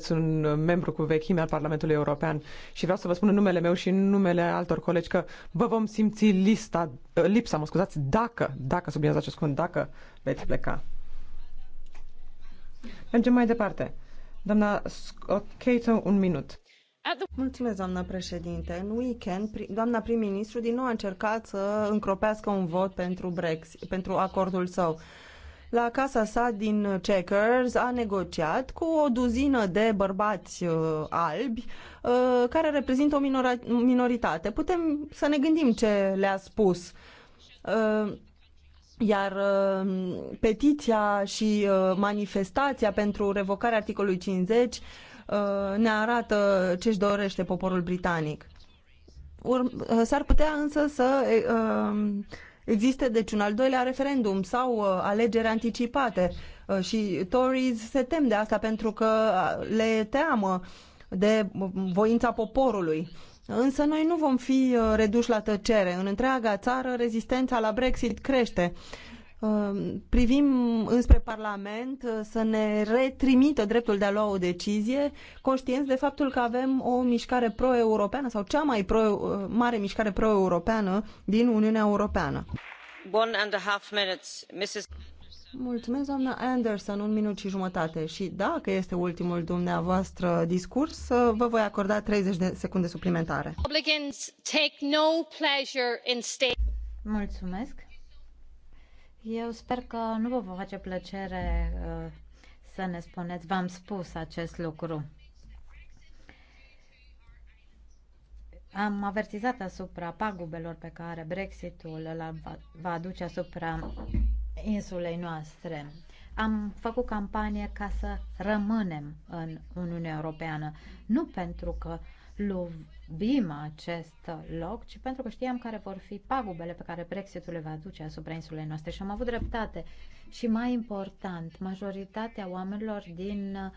Sunt membru cu vechime al Parlamentului European și vreau să vă spun în numele meu și în numele altor colegi că vă vom simți lista, lipsa, mă scuzați, dacă, dacă subliniez acest cuvânt, dacă veți pleca. Mergem mai departe. Doamna Scott Cato, un minut. Mulțumesc, doamnă președinte. În weekend, doamna prim-ministru din nou a încercat să încropească un vot pentru, Brexit, pentru acordul său la casa sa din Checkers a negociat cu o duzină de bărbați uh, albi uh, care reprezintă o minora- minoritate. Putem să ne gândim ce le-a spus. Uh, iar uh, petiția și uh, manifestația pentru revocarea articolului 50 uh, ne arată ce-și dorește poporul britanic. Uh, s-ar putea însă să uh, Există deci un al doilea referendum sau uh, alegeri anticipate uh, și Tories se tem de asta pentru că uh, le teamă de uh, voința poporului. Însă noi nu vom fi uh, reduși la tăcere. În întreaga țară rezistența la Brexit crește. Uh, Uh, privim înspre Parlament uh, să ne retrimită dreptul de a lua o decizie, conștienți de faptul că avem o mișcare pro-europeană sau cea mai pro, uh, mare mișcare pro-europeană din Uniunea Europeană. One and a half minutes, Mrs. Mulțumesc, doamna Anderson, un minut și jumătate. Și dacă este ultimul dumneavoastră discurs, vă voi acorda 30 de secunde suplimentare. Mulțumesc. Eu sper că nu vă va face plăcere uh, să ne spuneți, v-am spus acest lucru. Am avertizat asupra pagubelor pe care Brexitul va aduce asupra insulei noastre. Am făcut campanie ca să rămânem în Uniunea Europeană, nu pentru că iubim acest loc, ci pentru că știam care vor fi pagubele pe care Brexitul le va aduce asupra insulei noastre și am avut dreptate. Și mai important, majoritatea oamenilor din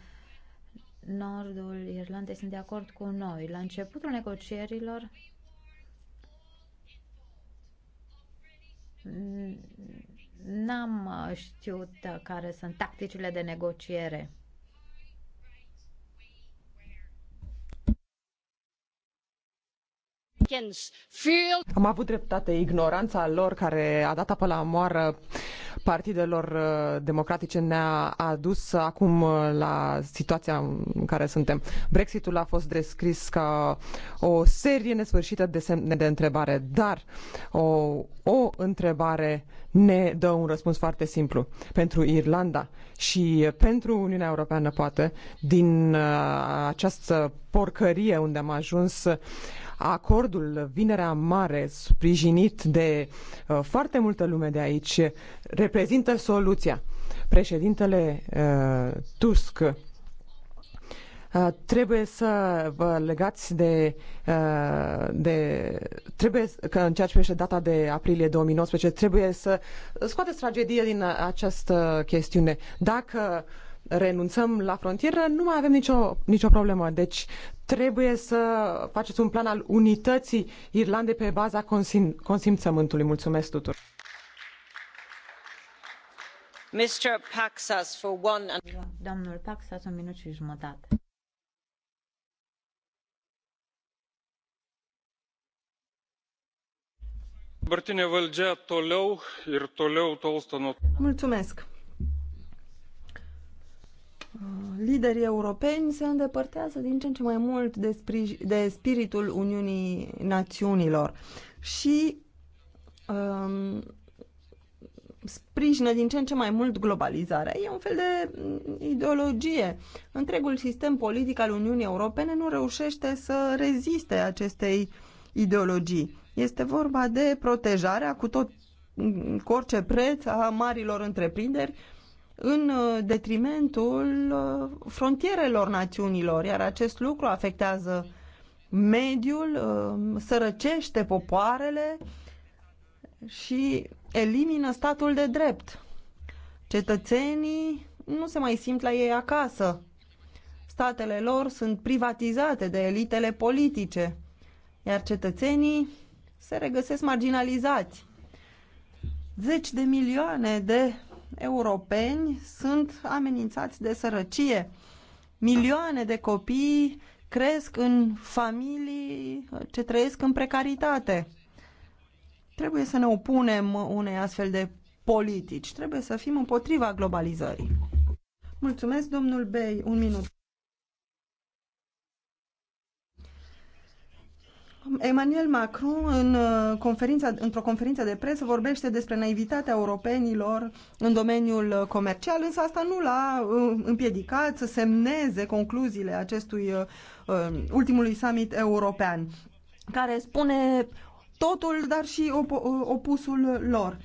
nordul Irlandei sunt de acord cu noi. La începutul negocierilor n-am știut care sunt tacticile de negociere. Am avut dreptate. Ignoranța lor care a dat apă la moară partidelor uh, democratice ne-a adus acum uh, la situația în care suntem. Brexitul a fost descris ca o serie nesfârșită de semne de întrebare, dar o, o întrebare ne dă un răspuns foarte simplu. Pentru Irlanda și pentru Uniunea Europeană, poate, din uh, această porcărie unde am ajuns, Acordul Vinerea Mare, sprijinit de uh, foarte multă lume de aici, reprezintă soluția. Președintele uh, Tusk uh, trebuie să vă legați de, uh, de trebuie că în ceea ce privește data de aprilie 2019 trebuie să scoateți tragedie din această chestiune. Dacă uh, renunțăm la frontieră, nu mai avem nicio, nicio problemă. Deci trebuie să faceți un plan al unității Irlandei pe baza consim- consimțământului. Mulțumesc tuturor! Mr. Paxas, for one... Domnul Paxas, un minut și jumătate. Mulțumesc. liderii europeni se îndepărtează din ce în ce mai mult de, sprij- de spiritul Uniunii Națiunilor și um, sprijină din ce în ce mai mult globalizarea. E un fel de mm, ideologie. Întregul sistem politic al Uniunii Europene nu reușește să reziste acestei ideologii. Este vorba de protejarea cu tot mm, cu orice preț a marilor întreprinderi în uh, detrimentul uh, frontierelor națiunilor, iar acest lucru afectează mediul, uh, sărăcește popoarele și elimină statul de drept. Cetățenii nu se mai simt la ei acasă. Statele lor sunt privatizate de elitele politice, iar cetățenii se regăsesc marginalizați. Zeci de milioane de europeni sunt amenințați de sărăcie. Milioane de copii cresc în familii ce trăiesc în precaritate. Trebuie să ne opunem unei astfel de politici. Trebuie să fim împotriva globalizării. Mulțumesc, domnul Bey. Un minut. Emmanuel Macron, în uh, conferința, într-o conferință de presă, vorbește despre naivitatea europenilor în domeniul uh, comercial, însă asta nu l-a uh, împiedicat să semneze concluziile acestui ultimului summit european, care spune totul, dar și opusul lor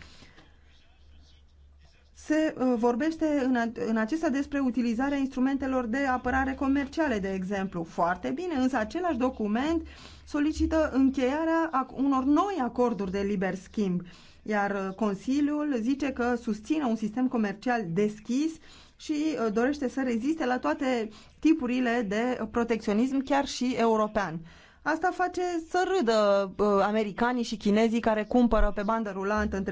se uh, vorbește în, acesta despre utilizarea instrumentelor de apărare comerciale, de exemplu. Foarte bine, însă același document solicită încheierea unor noi acorduri de liber schimb, iar uh, Consiliul zice că susține un sistem comercial deschis și uh, dorește să reziste la toate tipurile de protecționism, chiar și european. Asta face să râdă uh, americanii și chinezii care cumpără pe bandă rulantă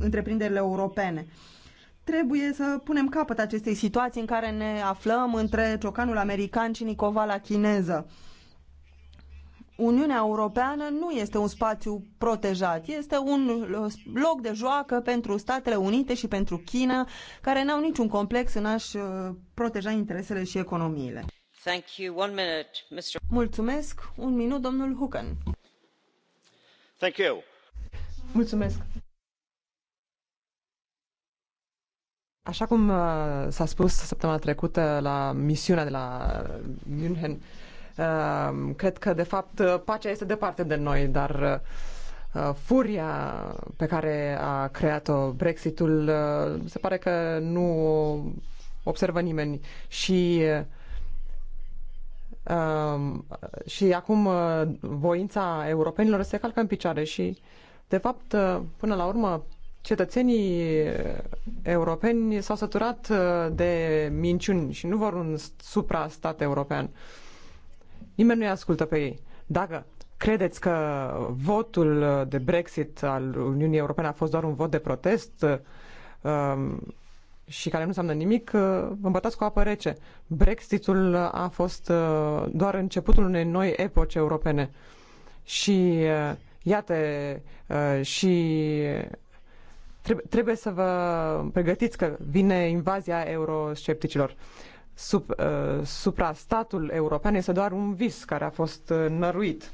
întreprinderile europene. Uh, Trebuie să punem capăt acestei situații în care ne aflăm între ciocanul american și nicovala chineză. Uniunea Europeană nu este un spațiu protejat, este un uh, loc de joacă pentru Statele Unite și pentru China, care n-au niciun complex în a-și uh, proteja interesele și economiile. Thank you. One minute, Mr. Mulțumesc. Un minut, domnul Hucan. Thank you. Mulțumesc Așa cum uh, s-a spus săptămâna trecută la misiunea de la uh, München, uh, cred că, de fapt, pacea este departe de noi, dar furia pe care a creat-o Brexitul se pare că nu observă nimeni și um, și acum voința europenilor se calcă în picioare și, de fapt, până la urmă, cetățenii eh, europeni s-au săturat eh, de minciuni și nu vor un supra-stat european. Nimeni nu-i ascultă pe ei. Dacă credeți că votul eh, de Brexit al Uniunii Europene a fost doar un vot de protest um, și care nu înseamnă nimic, vă îmbătați cu apă rece. Brexitul a fost doar începutul unei noi epoci europene. Și iată, și trebuie să vă pregătiți că vine invazia euroscepticilor. Sub, uh, suprastatul european este doar un vis care a fost uh, năruit.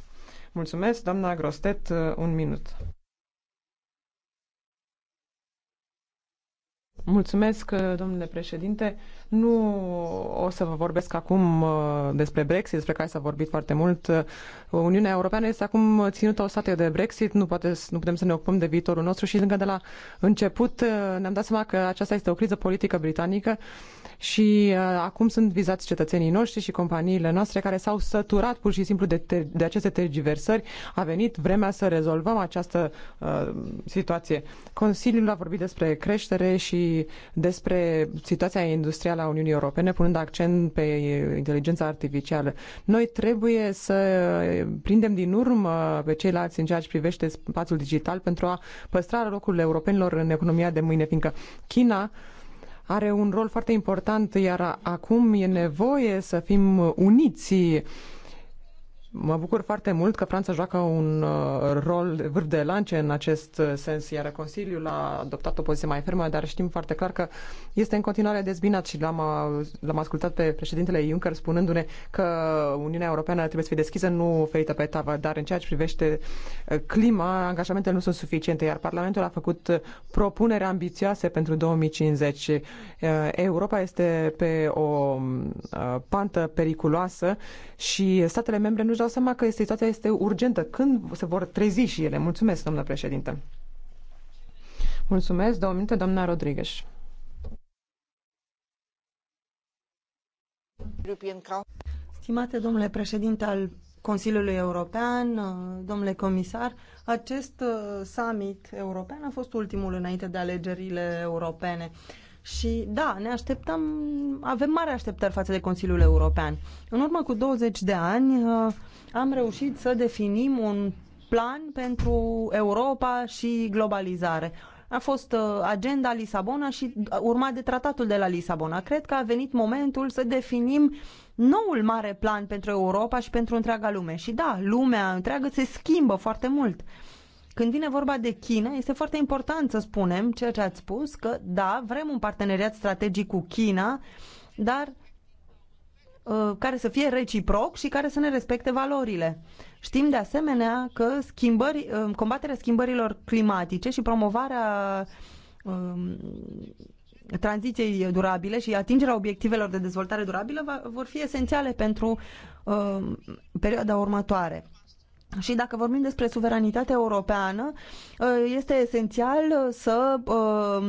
Mulțumesc, doamna Grostet, uh, un minut. Mulțumesc, uh, domnule președinte. Nu o să vă vorbesc acum uh, despre Brexit, despre care s-a vorbit foarte mult. Uh, Uniunea Europeană este acum ținută o stată de Brexit, nu, poate, nu putem să ne ocupăm de viitorul nostru și încă de la început uh, ne-am dat seama că aceasta este o criză politică britanică și uh, acum sunt vizați cetățenii noștri și companiile noastre care s-au săturat pur și simplu de, ter- de aceste tergiversări. A venit vremea să rezolvăm această uh, situație. Consiliul a vorbit despre creștere și despre situația industrială a Uniunii Europene, punând accent pe inteligența artificială. Noi trebuie să prindem din urmă pe ceilalți în ceea ce privește spațiul digital pentru a păstra locul europenilor în economia de mâine, fiindcă China are un rol foarte important, iar acum e nevoie să fim uniți Mă bucur foarte mult că Franța joacă un uh, rol vârf de lance în acest uh, sens, iar Consiliul a adoptat o poziție mai fermă, dar știm foarte clar că este în continuare dezbinat și l-am, uh, l-am ascultat pe președintele Juncker spunându-ne că Uniunea Europeană trebuie să fie deschisă, nu ferită pe tavă, dar în ceea ce privește clima, angajamentele nu sunt suficiente, iar Parlamentul a făcut propuneri ambițioase pentru 2050. Europa este pe o pantă periculoasă și statele membre nu își dau seama că situația este urgentă. Când se vor trezi și ele? Mulțumesc, domnule președinte. Mulțumesc. Două minute, doamna Rodriguez. Stimate domnule președinte al Consiliului European, domnule comisar, acest uh, summit european a fost ultimul înainte de alegerile europene. Și da, ne așteptăm, avem mare așteptări față de Consiliul European. În urmă cu 20 de ani uh, am reușit să definim un plan pentru Europa și globalizare. A fost uh, agenda Lisabona și uh, urmat de tratatul de la Lisabona. Cred că a venit momentul să definim noul mare plan pentru Europa și pentru întreaga lume. Și da, lumea întreagă se schimbă foarte mult. Când vine vorba de China, este foarte important să spunem ceea ce ați spus, că da, vrem un parteneriat strategic cu China, dar uh, care să fie reciproc și care să ne respecte valorile. Știm de asemenea că schimbări, uh, combaterea schimbărilor climatice și promovarea um, tranziției durabile și atingerea obiectivelor de dezvoltare durabilă va, vor fi esențiale pentru um, perioada următoare. Și dacă vorbim despre suveranitatea europeană, uh, este esențial uh, să uh,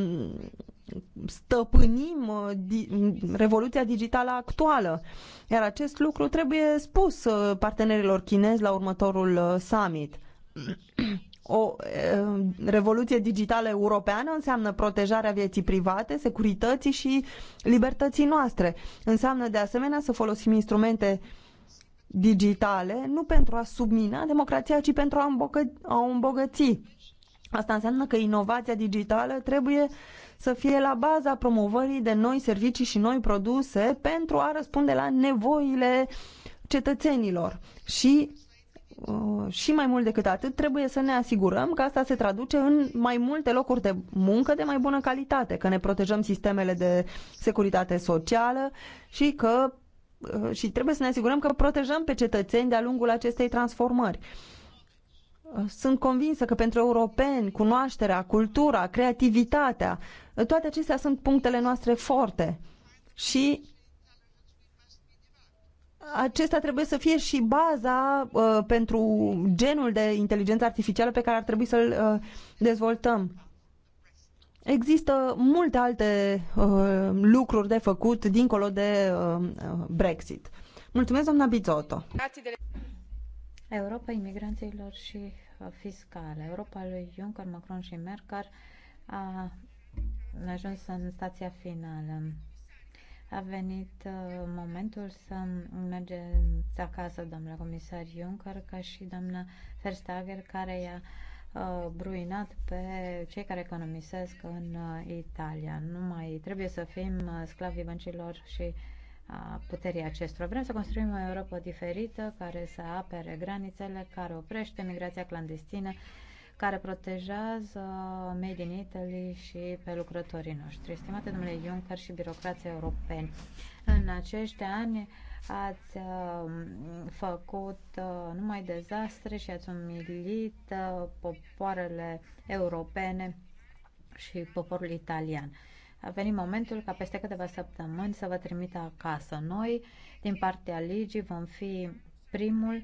stăpânim revoluția digitală actuală. Iar acest lucru trebuie spus partenerilor chinezi la următorul summit. O revoluție digitală europeană înseamnă protejarea vieții private, securității și libertății noastre. Înseamnă de asemenea să folosim instrumente digitale, nu pentru a submina democrația, ci pentru a, îmbogă, a îmbogăți. Asta înseamnă că inovația digitală trebuie să fie la baza promovării de noi servicii și noi produse pentru a răspunde la nevoile cetățenilor. Și uh, și mai mult decât atât, trebuie să ne asigurăm că asta se traduce în mai multe locuri de muncă de mai bună calitate, că ne protejăm sistemele de securitate socială și că Uh, și trebuie să ne asigurăm că protejăm pe cetățeni de-a lungul acestei transformări. Uh, sunt convinsă că pentru europeni, cunoașterea, cultura, creativitatea, uh, toate acestea sunt punctele noastre forte. Și acesta trebuie să fie și baza uh, pentru genul de inteligență artificială pe care ar trebui să-l uh, dezvoltăm. Există multe alte uh, lucruri de făcut dincolo de uh, Brexit. Mulțumesc, doamna Bizotto. Europa imigranților și uh, fiscale. Europa lui Juncker, Macron și Merkel a ajuns în stația finală. A venit uh, momentul să mergeți acasă, domnule comisar Juncker, ca și doamna Verstager, care i-a Uh, bruinat pe cei care economisesc în uh, Italia. Nu mai trebuie să fim uh, sclavii băncilor și a puterii acestora. Vrem să construim o Europa diferită care să apere granițele, care oprește migrația clandestină, care protejează Made in Italy și pe lucrătorii noștri. Stimate domnule Juncker și birocrații europeni, în acești ani ați um, făcut uh, numai dezastre și ați umilit uh, popoarele europene și poporul italian. A venit momentul ca peste câteva săptămâni să vă trimită acasă. Noi, din partea Ligii, vom fi primul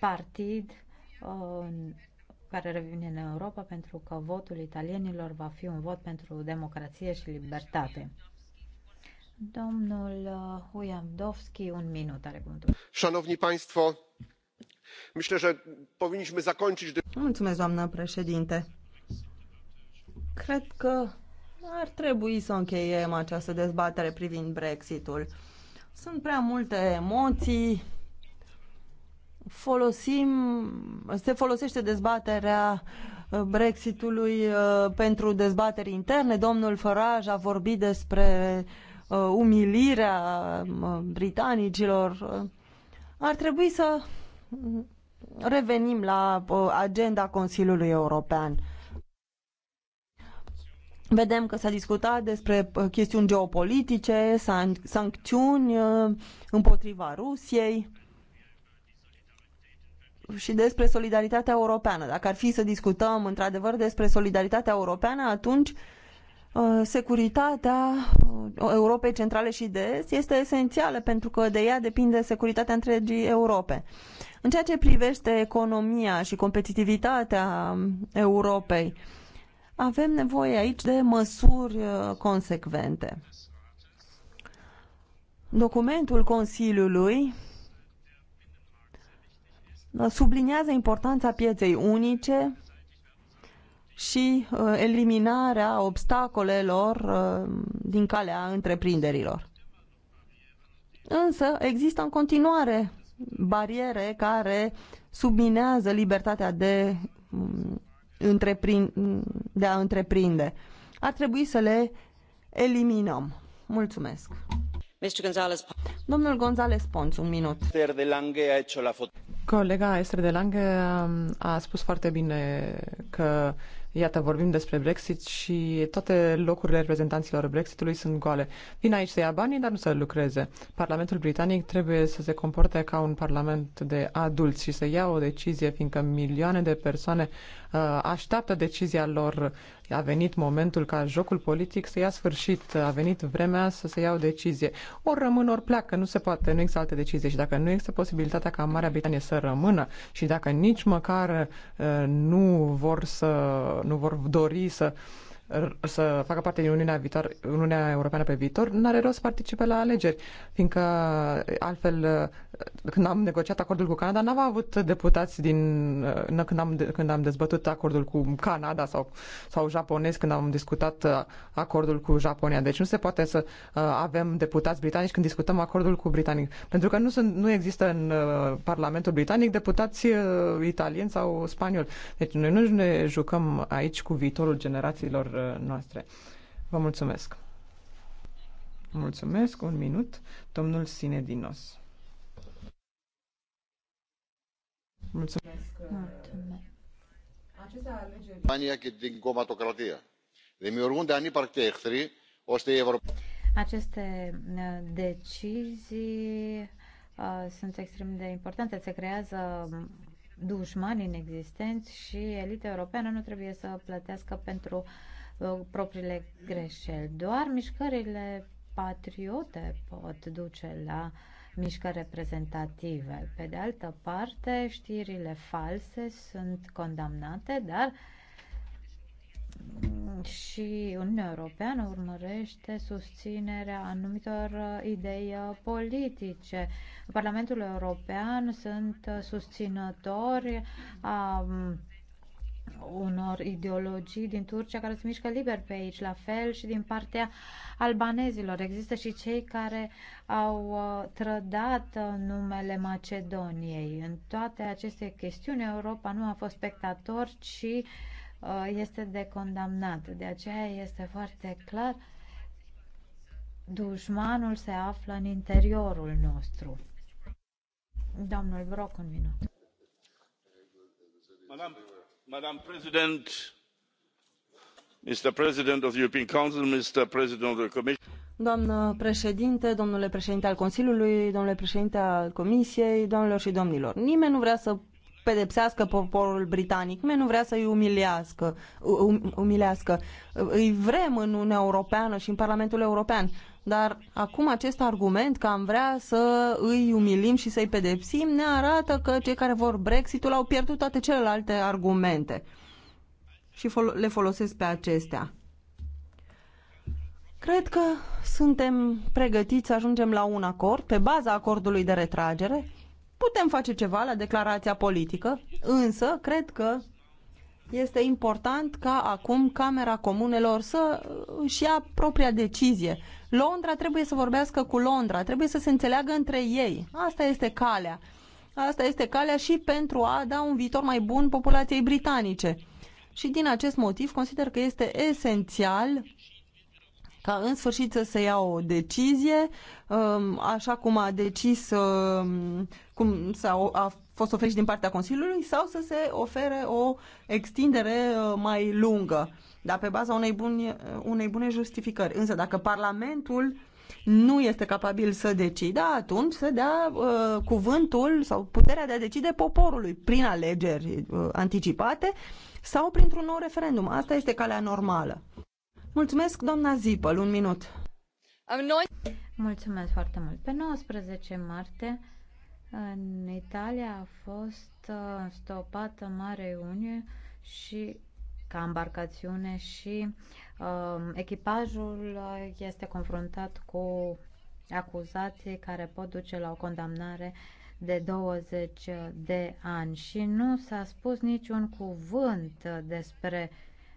partid uh, care revine în Europa pentru că votul italienilor va fi un vot pentru democrație și libertate. Domnul uh, Ujamdowski, un minut are cuvântul. Szanowni Państwo, myślę, że powinniśmy zakończyć... Mulțumesc, doamnă președinte. Cred că ar trebui să încheiem această dezbatere privind Brexitul. Sunt prea multe emoții. Folosim, se folosește dezbaterea uh, Brexitului uh, pentru dezbateri interne. Domnul Farage a vorbit despre Uh, umilirea uh, britanicilor. Uh, ar trebui să revenim la agenda Consiliului European. Vedem că s-a discutat despre chestiuni geopolitice, san sancțiuni împotriva Rusiei și despre solidaritatea europeană. Dacă ar fi să discutăm într-adevăr despre solidaritatea europeană, atunci uh, Uh, securitatea uh, Europei centrale și de est este esențială pentru că de ea depinde securitatea întregii Europe. În ceea ce privește economia și competitivitatea Europei, avem nevoie aici de măsuri uh, consecvente. Documentul Consiliului subliniază importanța pieței unice și uh, eliminarea obstacolelor uh, din calea întreprinderilor. Însă există în continuare bariere care subminează libertatea de, mm, mm, de a întreprinde. Ar trebui să le eliminăm. Mulțumesc. González. Domnul González Pons, un minut. Colega Esther de Lange um, a spus foarte bine că Iată, vorbim despre Brexit și toate locurile reprezentanților Brexitului sunt goale. Vin aici să ia banii, dar nu să lucreze. Parlamentul britanic trebuie să se comporte ca un parlament de adulți și să ia o decizie, fiindcă milioane de persoane uh, așteaptă decizia lor. A venit momentul ca jocul politic să ia sfârșit. A venit vremea să se ia o decizie. Ori rămân, ori pleacă. Nu se poate, nu există alte decizie. Și dacă nu există posibilitatea ca Marea Britanie să rămână și dacă nici măcar uh, nu vor să nu vor dori să să facă parte din Uniunea, viitor, Uniunea Europeană pe viitor, nu are rost să participe la alegeri, fiindcă altfel, uh, când am negociat acordul cu Canada, n-am avut deputați din... Uh, când am, când am dezbătut acordul cu Canada sau, sau japonez, când am discutat uh, acordul cu Japonia. Deci nu se poate să avem deputați britanici când discutăm acordul cu britanic, pentru că nu, sunt, nu există în Parlamentul Britanic deputați italieni sau spanioli. Deci noi nu ne jucăm aici cu viitorul generațiilor Uh, noastre. Vă mulțumesc! Mulțumesc, un minut, domnul Sinedinos. Mulțumesc. Mulțumesc. Acestea alegeri... aceste uh, decizii uh, sunt extrem de importante. Se creează dușmani inexistenți și elita europeană nu trebuie să plătească pentru uh, Uh, propriile greșeli. Doar mișcările patriote pot duce la mișcări reprezentative. Pe de altă parte, știrile false sunt condamnate, dar și Uniunea Europeană urmărește susținerea anumitor idei politice. Parlamentul European sunt susținători a um, unor ideologii din Turcia care se mișcă liber pe aici, la fel și din partea albanezilor. Există și cei care au uh, trădat uh, numele Macedoniei. În toate aceste chestiuni, Europa nu a fost spectator, ci uh, este de condamnat. De aceea este foarte clar, dușmanul se află în interiorul nostru. Domnul Broc, un minut. Madame doamnă președintă doamnă președintă domnule președinte al consiliului domnule președinte al comisiei doamnelor și domnilor nimeni nu vrea să pedepsească poporul britanic nimeni nu vrea să îi umilească, um, umilească. îi vrem în uniunea europeană și în parlamentul european dar acum acest argument că am vrea să îi umilim și să-i pedepsim ne arată că cei care vor Brexitul au pierdut toate celelalte argumente și le folosesc pe acestea. Cred că suntem pregătiți să ajungem la un acord pe baza acordului de retragere. Putem face ceva la declarația politică, însă cred că este important ca acum Camera Comunelor să își ia propria decizie Londra trebuie să vorbească cu Londra, trebuie să se înțeleagă între ei. Asta este calea. Asta este calea și pentru a da un viitor mai bun populației britanice. Și din acest motiv consider că este esențial ca în sfârșit să se ia o decizie, um, așa cum a decis, um, cum s-a, a fost oferit din partea Consiliului, sau să se ofere o extindere uh, mai lungă, dar pe baza unei, buni, uh, unei bune justificări. Însă dacă Parlamentul nu este capabil să decida, atunci să dea uh, cuvântul sau puterea de a decide poporului prin alegeri uh, anticipate sau printr-un nou referendum. Asta este calea normală. Mulțumesc, doamna Zipăl, un minut. Mulțumesc foarte mult. Pe 19 martie, în Italia a fost uh, stopată mare Uniune și ca embarcațiune și um, uh, echipajul este confruntat cu acuzații care pot duce la o condamnare de 20 de ani și nu s-a spus niciun cuvânt despre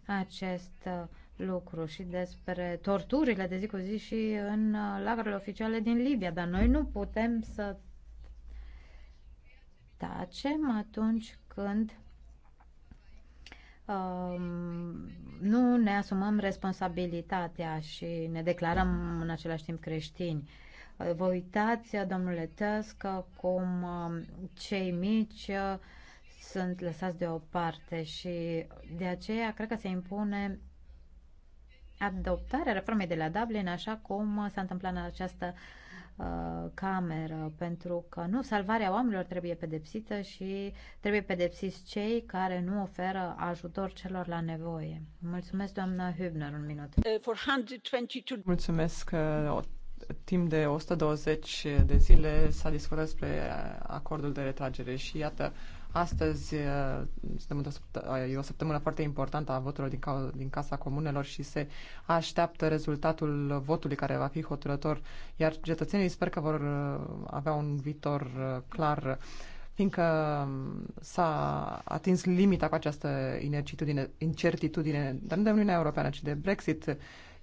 acest uh, lucru și despre torturile de zi cu zi și în uh, lagările oficiale din Libia, dar noi nu putem să tacem atunci când um, nu ne asumăm responsabilitatea și ne declarăm în același timp creștini. Uh, vă uitați, uh, domnule Tusk, cum um, cei mici sunt lăsați deoparte și de aceea cred că se impune adoptarea reformei de la Dublin, așa cum s-a întâmplat în această uh, cameră, pentru că nu salvarea oamenilor trebuie pedepsită și trebuie pedepsiți cei care nu oferă ajutor celor la nevoie. Mulțumesc, doamna Hübner, un minut. Uh, Mulțumesc că uh, timp de 120 de zile s-a discutat despre uh, acordul de retragere și iată, Astăzi uh, suntem într-o uh, e o săptămână foarte importantă a voturilor din, ca, din Casa Comunelor și se așteaptă rezultatul votului care va fi hotărător, iar cetățenii sper că vor uh, avea un viitor clar fiindcă um, s-a atins limita cu această incertitudine, dar nu de Uniunea Europeană, ci de Brexit,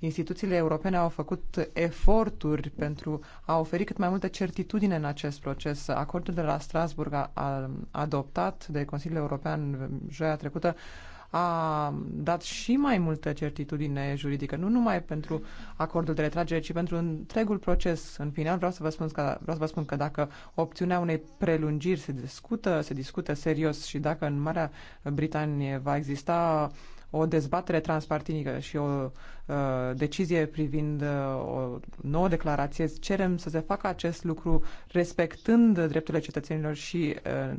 Instituțiile europene au făcut eforturi pentru a oferi cât mai multă certitudine în acest proces. Acordul de la Strasburg a, a, adoptat de Consiliul European joia trecută a dat și mai multă certitudine juridică, nu numai pentru acordul de retragere, ci pentru întregul proces. În final vreau să vă spun că, vreau să vă spun că dacă opțiunea unei prelungiri se discută, se discută serios și dacă în Marea Britanie va exista o dezbatere transpartinică și o uh, decizie privind uh, o nouă declarație, cerem să se facă acest lucru respectând drepturile cetățenilor și uh,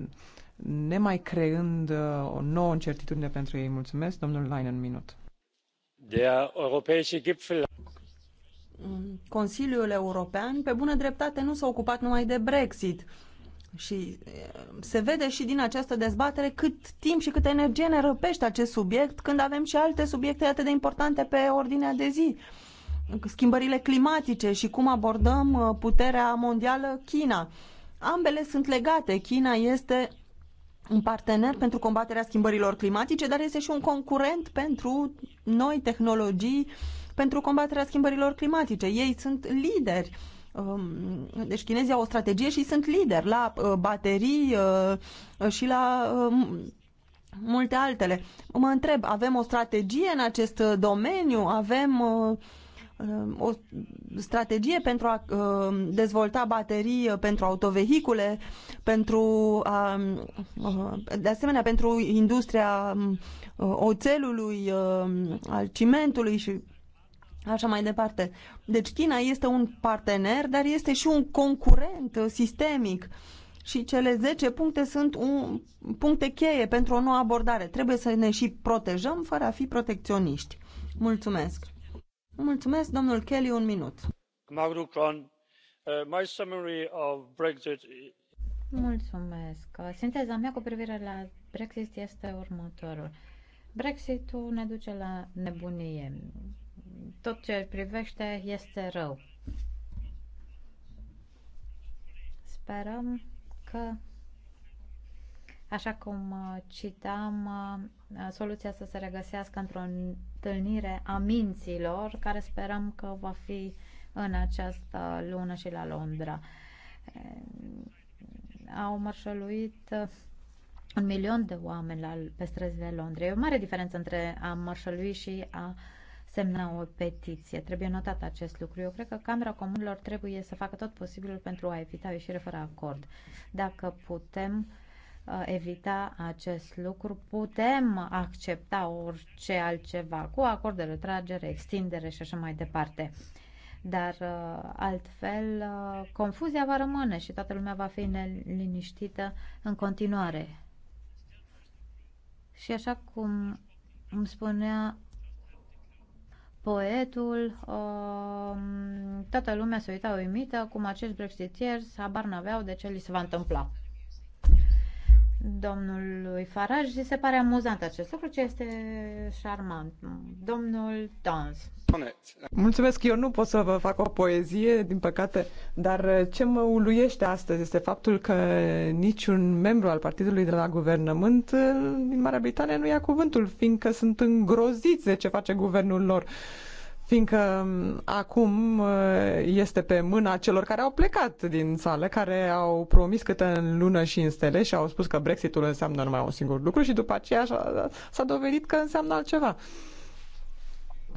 nemai creând uh, o nouă incertitudine pentru ei. Mulțumesc, domnul Lain, în minut. Der Consiliul European, pe bună dreptate, nu s-a ocupat numai de Brexit. Și eh, se vede și din această dezbatere cât timp și câtă energie ne răpește acest subiect când avem și alte subiecte atât de importante pe ordinea de zi. Schimbările climatice și cum abordăm eh, puterea mondială China. Ambele sunt legate. China este un partener pentru combaterea schimbărilor climatice, dar este și un concurent pentru noi tehnologii pentru combaterea schimbărilor climatice. Ei sunt lideri Um, deci chinezii au o strategie și sunt lideri la uh, baterii uh, și la um, multe altele. Mă întreb, avem o strategie în acest uh, domeniu? Avem o strategie pentru a dezvolta baterii pentru autovehicule, pentru a, um, de asemenea pentru industria oțelului, al cimentului și așa mai departe. Deci China este un partener, dar este și un concurent sistemic. Și cele 10 puncte sunt un, puncte cheie pentru o nouă abordare. Trebuie să ne și protejăm fără a fi protecționiști. Mulțumesc. Mulțumesc, domnul Kelly, un minut. Uh, Mulțumesc. Sinteza mea cu privire la Brexit este următorul. Brexitul ne duce la nebunie tot ce îl privește este rău. Sperăm că, așa cum uh, citam, uh, uh, soluția să se regăsească într-o întâlnire a minților, care sperăm că va fi în această lună și la Londra. Au mărșăluit un milion de oameni la, pe străzile Londrei. E o mare diferență între a mărșălui și a semnă o petiție. Trebuie notat acest lucru. Eu cred că Camera Comunilor trebuie să facă tot posibilul pentru a evita o ieșire fără acord. Dacă putem uh, evita acest lucru, putem accepta orice altceva cu acord de retragere, extindere și așa mai departe. Dar uh, altfel, uh, confuzia va rămâne și toată lumea va fi neliniștită în continuare. Și așa cum îmi spunea poetul, um, toată lumea se uita uimită cum acești brexitieri habar n-aveau de ce li se va întâmpla domnului Farage și se pare amuzant acest lucru, ce este șarmant. Domnul Tons. Mulțumesc, eu nu pot să vă fac o poezie, din păcate, dar ce mă uluiește astăzi este faptul că niciun membru al partidului de la guvernământ din Marea Britanie nu ia cuvântul, fiindcă sunt îngroziți de ce face guvernul lor fiindcă mm, acum mm, este pe mâna celor care au plecat din sală, care au promis câte în lună și în stele și au spus că Brexitul înseamnă numai un singur lucru și după aceea s-a dovedit că înseamnă altceva.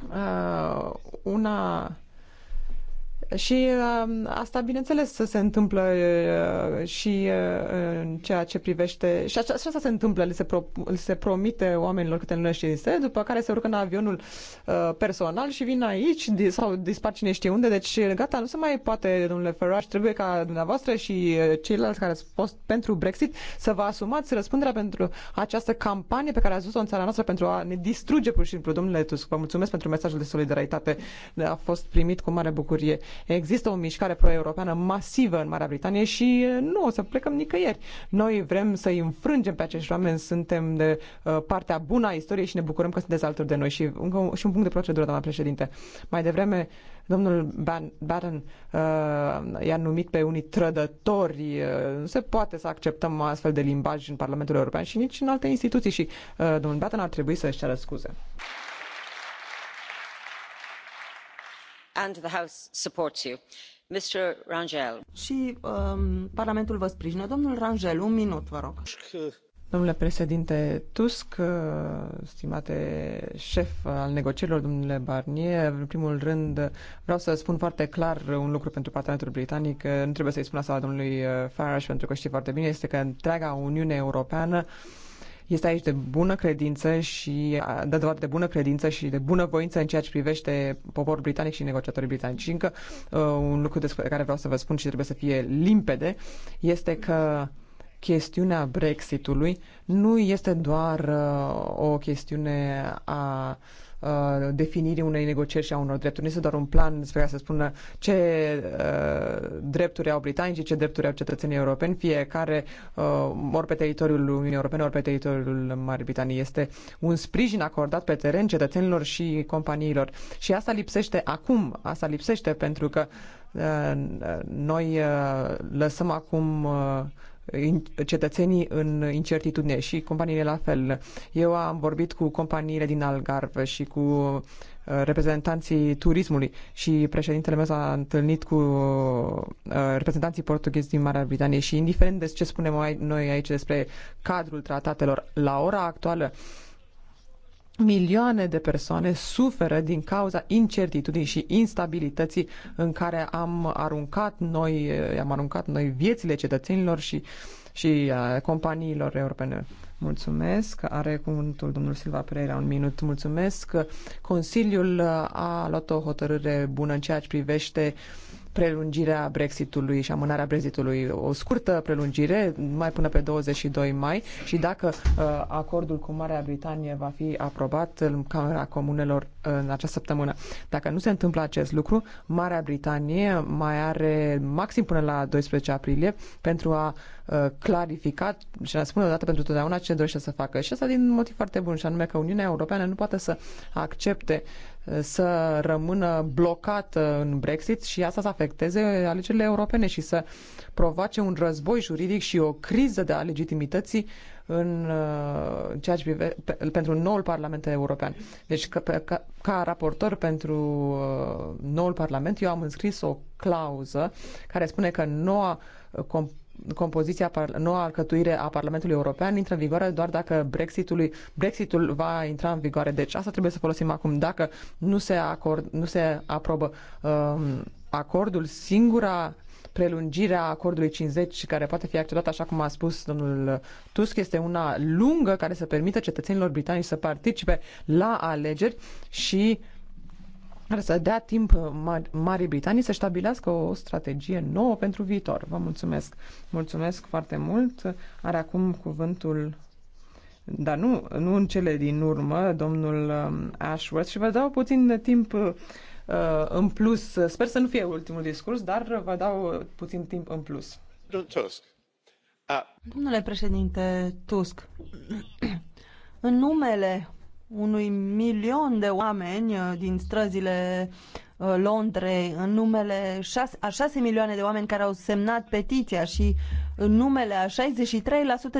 Uh, una și um, asta, bineînțeles, să se întâmplă uh, și uh, în ceea ce privește... Și asta se întâmplă, li se, pro, li se promite oamenilor câte nu și se, după care se urcă în avionul uh, personal și vin aici sau dispar cine știe unde. Deci, gata, nu se mai poate, domnule Ferraș, trebuie ca dumneavoastră și ceilalți care ați fost pentru Brexit să vă asumați răspunderea pentru această campanie pe care a dus-o în țara noastră pentru a ne distruge pur și simplu. Domnule Tusk, vă mulțumesc pentru mesajul de solidaritate. A fost primit cu mare bucurie Există o mișcare pro-europeană masivă în Marea Britanie și uh, nu o să plecăm nicăieri. Noi vrem să i înfrângem pe acești oameni, suntem de uh, partea bună a istoriei și ne bucurăm că sunteți alături de noi. Și, încă, și un punct de procedură, doamna președinte. Mai devreme, domnul Ban, uh, i-a numit pe unii trădători. Uh, nu se poate să acceptăm astfel de limbaj în Parlamentul European și nici în alte instituții și uh, domnul Batten ar trebui să-și ceară scuze. Și um, Parlamentul vă sprijină. Domnul Rangel, un minut, vă rog. Domnule președinte Tusk, uh, stimate șef al negocierilor, domnule Barnier, în primul rând vreau să spun foarte clar un lucru pentru Parlamentul Britanic. Nu trebuie să-i spun asta la domnului uh, Farage, pentru că știe foarte bine, este că întreaga Uniune Europeană este aici de bună credință și de dovadă de bună credință și de bună voință în ceea ce privește poporul britanic și negociatorii britanici. Și încă uh, un lucru despre care vreau să vă spun și trebuie să fie limpede este că chestiunea Brexitului nu este doar uh, o chestiune a uh, Uh, definirii unei negocieri și a unor drepturi. Nu este doar un plan spre care să spună ce uh, drepturi au britanicii, ce drepturi au cetățenii europeni, fiecare uh, ori pe teritoriul Uniunii Europene, ori pe teritoriul Marii Britanii. Este un sprijin acordat pe teren cetățenilor și companiilor. Și asta lipsește acum, asta lipsește pentru că uh, noi uh, lăsăm acum uh, cetățenii în incertitudine și companiile la fel. Eu am vorbit cu companiile din Algarve și cu uh, reprezentanții turismului și președintele meu s-a întâlnit cu uh, reprezentanții portughezi din Marea Britanie și indiferent de ce spunem noi aici despre cadrul tratatelor la ora actuală, Milioane de persoane suferă din cauza incertitudinii și instabilității în care am aruncat noi, am aruncat noi viețile cetățenilor și, și uh, companiilor europene. Mulțumesc. Are cuvântul domnul Silva Pereira un minut. Mulțumesc. Consiliul uh, a luat o hotărâre bună în ceea ce privește uh, prelungirea Brexitului și amânarea Brexitului, o scurtă prelungire, mai până pe 22 mai și dacă uh, acordul cu Marea Britanie va fi aprobat în Camera Comunelor uh, în această săptămână. Dacă nu se întâmplă acest lucru, Marea Britanie mai are maxim până la 12 aprilie pentru a uh, clarifica și a spune odată pentru totdeauna ce dorește să facă. Și asta din motiv foarte bun, și anume că Uniunea Europeană nu poate să accepte uh, să rămână blocată în Brexit și asta să afecteze alegerile europene și să provoace un război juridic și o criză de a legitimității uh, în ceea ce prive, pe, pentru noul Parlament European. Deci, ca, ca, ca raportor pentru uh, noul Parlament, eu am înscris o clauză care spune că noua uh, comp- compoziția, noua alcătuire a Parlamentului European intră în vigoare doar dacă Brexitului, Brexitul va intra în vigoare. Deci asta trebuie să folosim acum. Dacă nu se, acord, nu se aprobă um, acordul, singura prelungire a acordului 50 care poate fi acceptată, așa cum a spus domnul Tusk, este una lungă care să permită cetățenilor britanici să participe la alegeri și ar să dea timp uh, Marii Britanii să stabilească o strategie nouă pentru viitor. Vă mulțumesc. Mulțumesc foarte mult. Are acum cuvântul dar nu, nu în cele din urmă, domnul um, Ashworth, și vă dau puțin timp uh, în plus. Sper să nu fie ultimul discurs, dar vă dau uh, puțin timp în plus. Tusk. Domnule președinte Tusk, în numele unui milion de oameni uh, din străzile uh, Londrei în numele a 6 milioane de oameni care au semnat petiția și în numele a 63%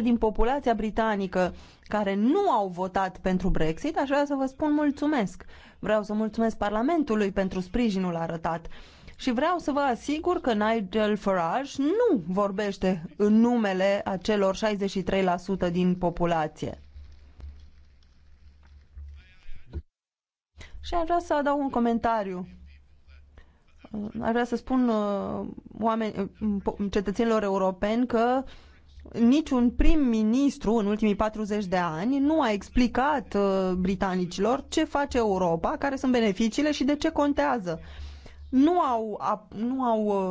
din populația britanică care nu au votat pentru Brexit, aș vrea să vă spun mulțumesc. Vreau să mulțumesc Parlamentului pentru sprijinul arătat. Și vreau să vă asigur că Nigel Farage nu vorbește în numele acelor 63% din populație. Și aș vrea să adaug un comentariu. Aș vrea să spun uh, oameni, uh, cetățenilor europeni că niciun prim-ministru în ultimii 40 de ani nu a explicat uh, britanicilor ce face Europa, care sunt beneficiile și de ce contează nu au, nu au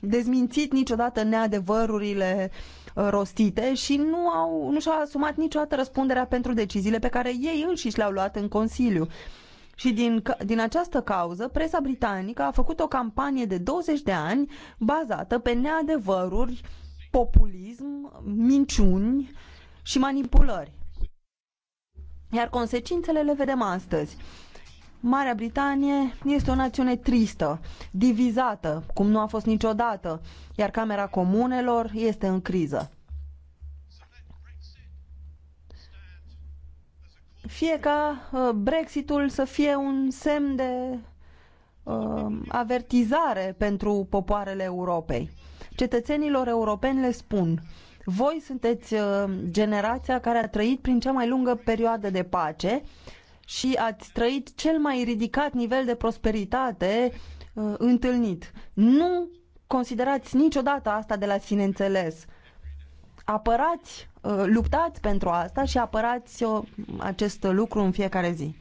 dezmințit niciodată neadevărurile rostite și nu, au, nu și-au asumat niciodată răspunderea pentru deciziile pe care ei înșiși le-au luat în Consiliu. Și din, din această cauză, presa britanică a făcut o campanie de 20 de ani bazată pe neadevăruri, populism, minciuni și manipulări. Iar consecințele le vedem astăzi. Marea Britanie este o națiune tristă, divizată, cum nu a fost niciodată, iar Camera Comunelor este în criză. fie ca uh, Brexitul să fie un semn de uh, avertizare pentru popoarele Europei. Cetățenilor europeni le spun, voi sunteți uh, generația care a trăit prin cea mai lungă perioadă de pace și ați trăit cel mai ridicat nivel de prosperitate uh, întâlnit. Nu considerați niciodată asta de la sine înțeles. Uh, apărați, uh, luptați pentru asta și apărați uh, acest lucru în fiecare zi.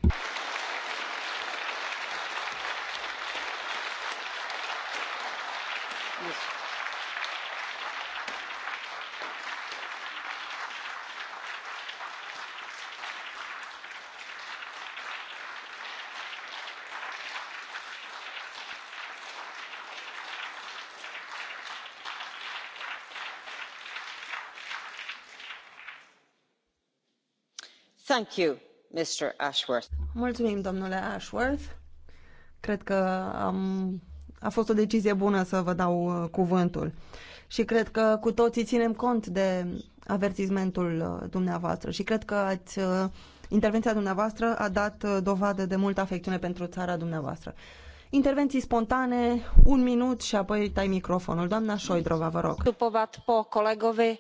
Mulțumim, domnule Ashworth. Cred că a fost o decizie bună să vă dau uh, cuvântul. Și cred că cu toții ținem cont de avertismentul uh, dumneavoastră și cred că ați, uh, intervenția dumneavoastră a dat dovadă de multă afecțiune pentru țara dumneavoastră. Intervenții spontane, un minut și apoi tai microfonul. Doamna Șoidrova, vă rog. Dupovat po colegovi.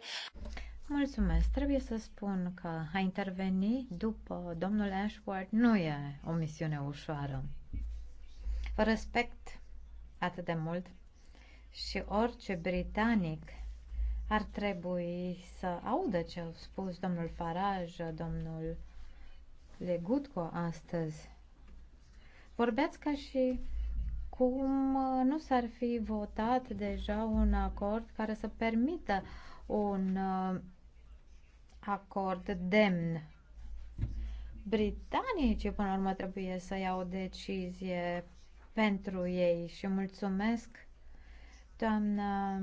Mulțumesc. Trebuie să spun că a interveni după domnul Ashworth nu e o misiune ușoară. Vă respect atât de mult și orice britanic ar trebui să audă ce au spus domnul Farage, domnul Legutco astăzi. Vorbeați ca și cum nu s-ar fi votat deja un acord care să permită un uh, acord demn. Britanicii, până la urmă, trebuie să iau o decizie pentru ei și mulțumesc, doamnă,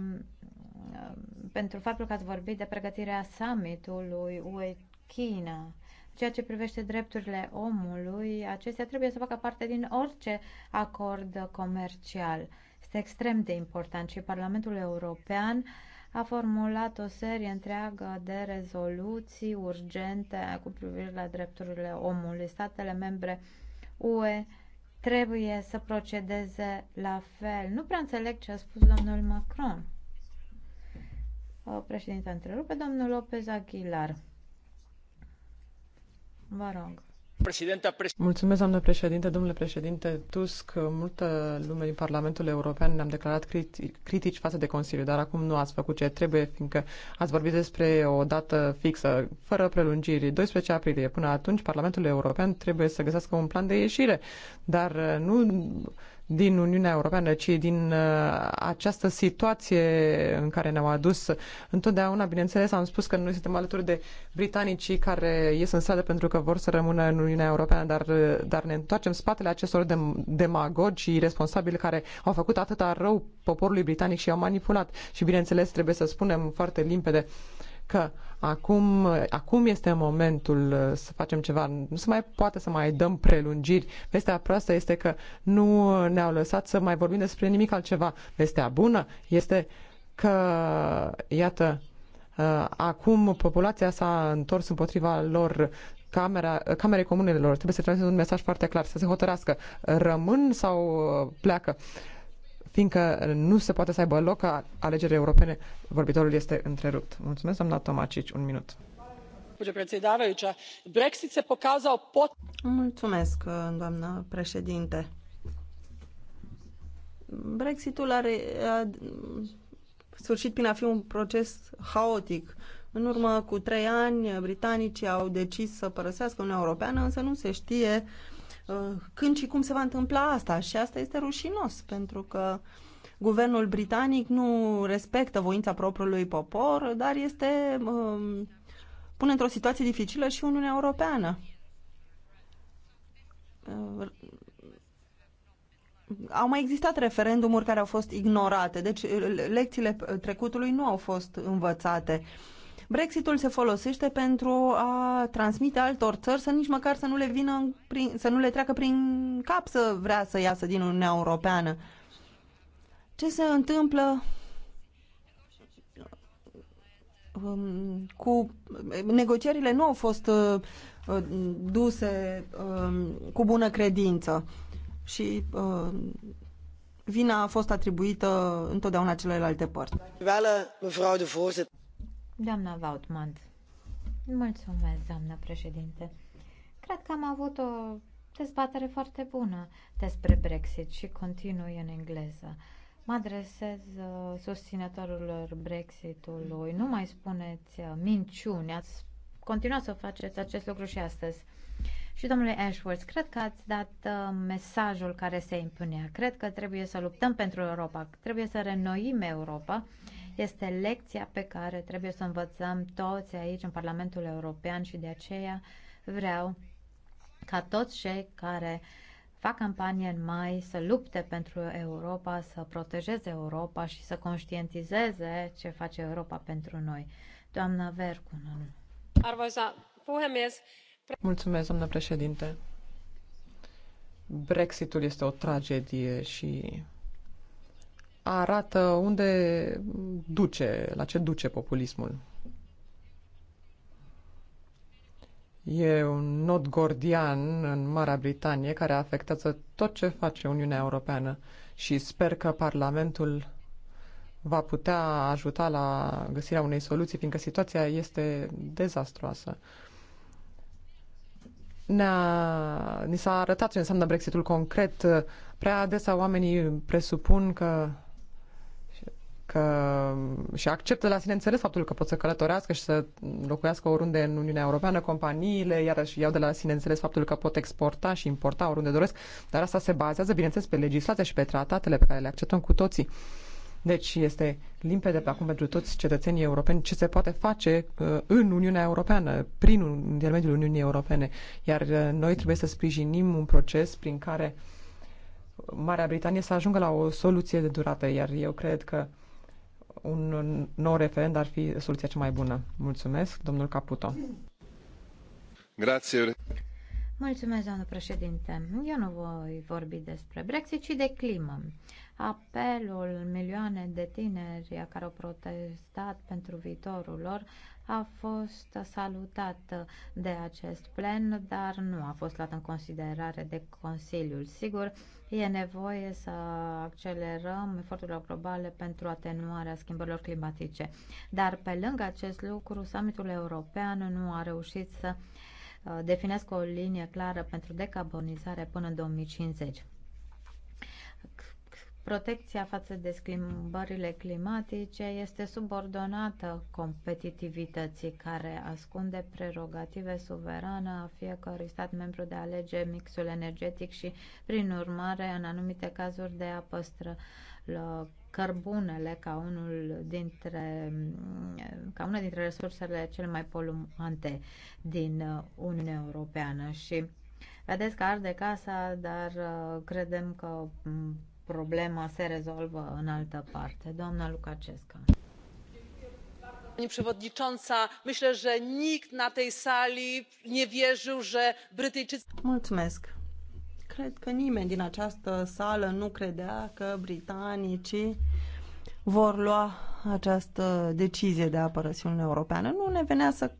pentru faptul că ați vorbit de pregătirea summitului UE China. Ceea ce privește drepturile omului, acestea trebuie să facă parte din orice acord comercial. Este extrem de important și Parlamentul European uh, a formulat o serie întreagă de rezoluții urgente cu privire la drepturile omului. Statele membre UE trebuie să procedeze la fel. Nu prea înțeleg ce a spus domnul Macron. Președinte, întrerupe domnul Lopez Aguilar. Vă rog. Mulțumesc, doamnă președinte, domnule președinte Tusk. Multă lume din Parlamentul European ne-am declarat critici față de Consiliu, dar acum nu ați făcut ce trebuie, fiindcă ați vorbit despre o dată fixă, fără prelungiri, 12 aprilie. Până atunci, Parlamentul European trebuie să găsească un plan de ieșire, dar uh, nu din Uniunea Europeană, ci din uh, această situație în care ne-au adus. Întotdeauna, bineînțeles, am spus că noi suntem alături de britanicii care ies în stradă pentru că vor să rămână în Uniunea Europeană, dar, uh, dar ne întoarcem spatele acestor dem- demagogi responsabili care au făcut atâta rău poporului britanic și au manipulat. Și, bineînțeles, trebuie să spunem foarte limpede uh, că acum, acum este momentul uh, să facem ceva. Nu se mai poate să mai dăm prelungiri. Vestea proastă este că nu ne-au lăsat să mai vorbim despre nimic altceva. Vestea bună este că, iată, uh, acum populația s-a întors împotriva lor. Camera, Camerei Comunelor trebuie să transmită un mesaj foarte clar, să se hotărască rămân sau uh, pleacă. Uh, fiindcă nu se poate să aibă loc a alegeri europene, vorbitorul este întrerupt. Mulțumesc, doamna Tomacici, un minut. Mulțumesc, doamnă președinte. Brexitul are a sfârșit prin a fi un proces haotic. În urmă cu trei ani, britanicii au decis să părăsească Uniunea Europeană, însă nu se știe uh, Uh, când și cum se va întâmpla asta. Și asta este rușinos, pentru că guvernul britanic nu respectă voința propriului popor, dar este um, pune într-o situație dificilă și Uniunea Europeană. Uh, au mai existat referendumuri care au fost ignorate, deci uh, lecțiile trecutului nu au fost învățate. Uh, Brexitul se folosește pentru a transmite altor țări să nici măcar să nu le vină prin, să nu le treacă prin cap să vrea să iasă din Uniunea Europeană. Ce se întâmplă um, cu negocierile nu au fost uh, uh, duse um, cu bună credință și uh, vina a fost atribuită întotdeauna celelalte părți. Doamna Vautmant. Mulțumesc, doamna președinte. Cred că am avut o dezbatere foarte bună despre Brexit și continui în engleză. Mă adresez uh, susținătorilor Brexitului. Nu mai spuneți uh, minciuni. Ați continuat să faceți acest lucru și astăzi. Și domnule Ashworth, cred că ați dat uh, mesajul care se impunea. Cred că trebuie să luptăm pentru Europa. Trebuie să renoim Europa. Uh, este lecția pe care trebuie să învățăm toți aici în Parlamentul European și de aceea vreau ca toți cei care fac campanie în mai să lupte pentru Europa, să protejeze Europa și să conștientizeze ce face Europa pentru noi. Doamna Vercunen. Arvoisa puhemies. Mulțumesc, doamnă președinte. Brexitul este o tragedie și arată unde duce, la ce duce populismul. E un nod gordian în Marea Britanie care afectează tot ce face Uniunea Europeană și sper că Parlamentul va putea ajuta la găsirea unei soluții, fiindcă situația este dezastroasă. Ne-a, ni s-a arătat ce înseamnă Brexitul concret. Prea adesea oamenii presupun că că și acceptă la sine înțeles faptul că pot să călătorească și să locuiască oriunde în Uniunea Europeană, companiile iarăși iau de la sine înțeles faptul că pot exporta și importa oriunde doresc, dar asta se bazează, bineînțeles, pe legislația și pe tratatele pe care le acceptăm cu toții. Deci este limpede pe acum pentru toți cetățenii europeni ce se poate face uh, în Uniunea Europeană, prin intermediul Uniunii Europene. Iar uh, noi trebuie să sprijinim un proces prin care Marea Britanie să ajungă la o soluție de durată, iar eu cred că un nou referent ar fi soluția cea mai bună. Mulțumesc, domnul Caputo. Grazie. Mulțumesc, doamnă președinte. Eu nu voi vorbi despre Brexit, ci de climă. Apelul milioane de tineri care au protestat pentru viitorul lor a fost salutat de acest plen, dar nu a fost luat în considerare de Consiliul. Sigur, e nevoie să accelerăm eforturile globale pentru atenuarea schimbărilor climatice. Dar pe lângă acest lucru, summitul european nu a reușit să uh, definească o linie clară pentru decarbonizare până în 2050. Protecția față de schimbările climatice este subordonată competitivității care ascunde prerogative suverană a fiecărui stat membru de a alege mixul energetic și, prin urmare, în anumite cazuri de a păstra cărbunele ca, unul dintre, ca una dintre resursele cele mai poluante din Uniunea Europeană și Vedeți că arde casa, dar uh, credem că mm, problema se rezolvă în altă parte. Doamna Lucacesca. Pani przewodnicząca, myślę, że nikt na tej sali nie wierzył, że Brytyjczycy. Mulțumesc. Cred că nimeni din această sală nu credea că britanicii vor lua această decizie de a părăsi Uniunea Europeană. Nu ne venea să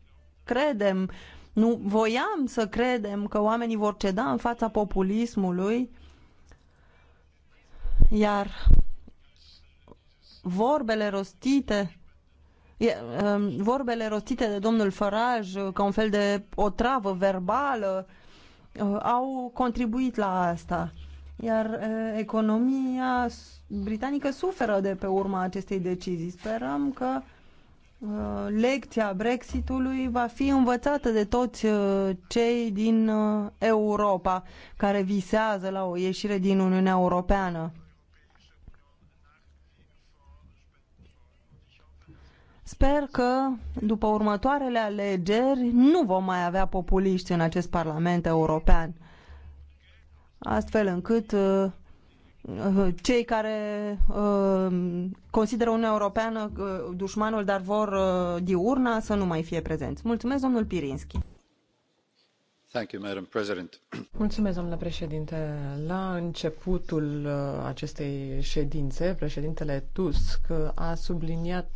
credem, nu voiam să credem că oamenii vor ceda în fața populismului iar vorbele rostite um, vorbele rostite de domnul Farage uh, ca un fel de o travă verbală uh, au contribuit la asta. Iar uh, economia britanică suferă de pe urma acestei decizii. Sperăm că lecția Brexitului va fi învățată de toți cei din Europa care visează la o ieșire din Uniunea Europeană. Sper că după următoarele alegeri nu vom mai avea populiști în acest Parlament European, astfel încât uh, uh, cei care uh, consideră Uniunea Europeană dușmanul, dar vor diurna, să nu mai fie prezenți. Mulțumesc, domnul Pirinski. Mulțumesc, domnule președinte. La începutul acestei ședințe, președintele Tusk a subliniat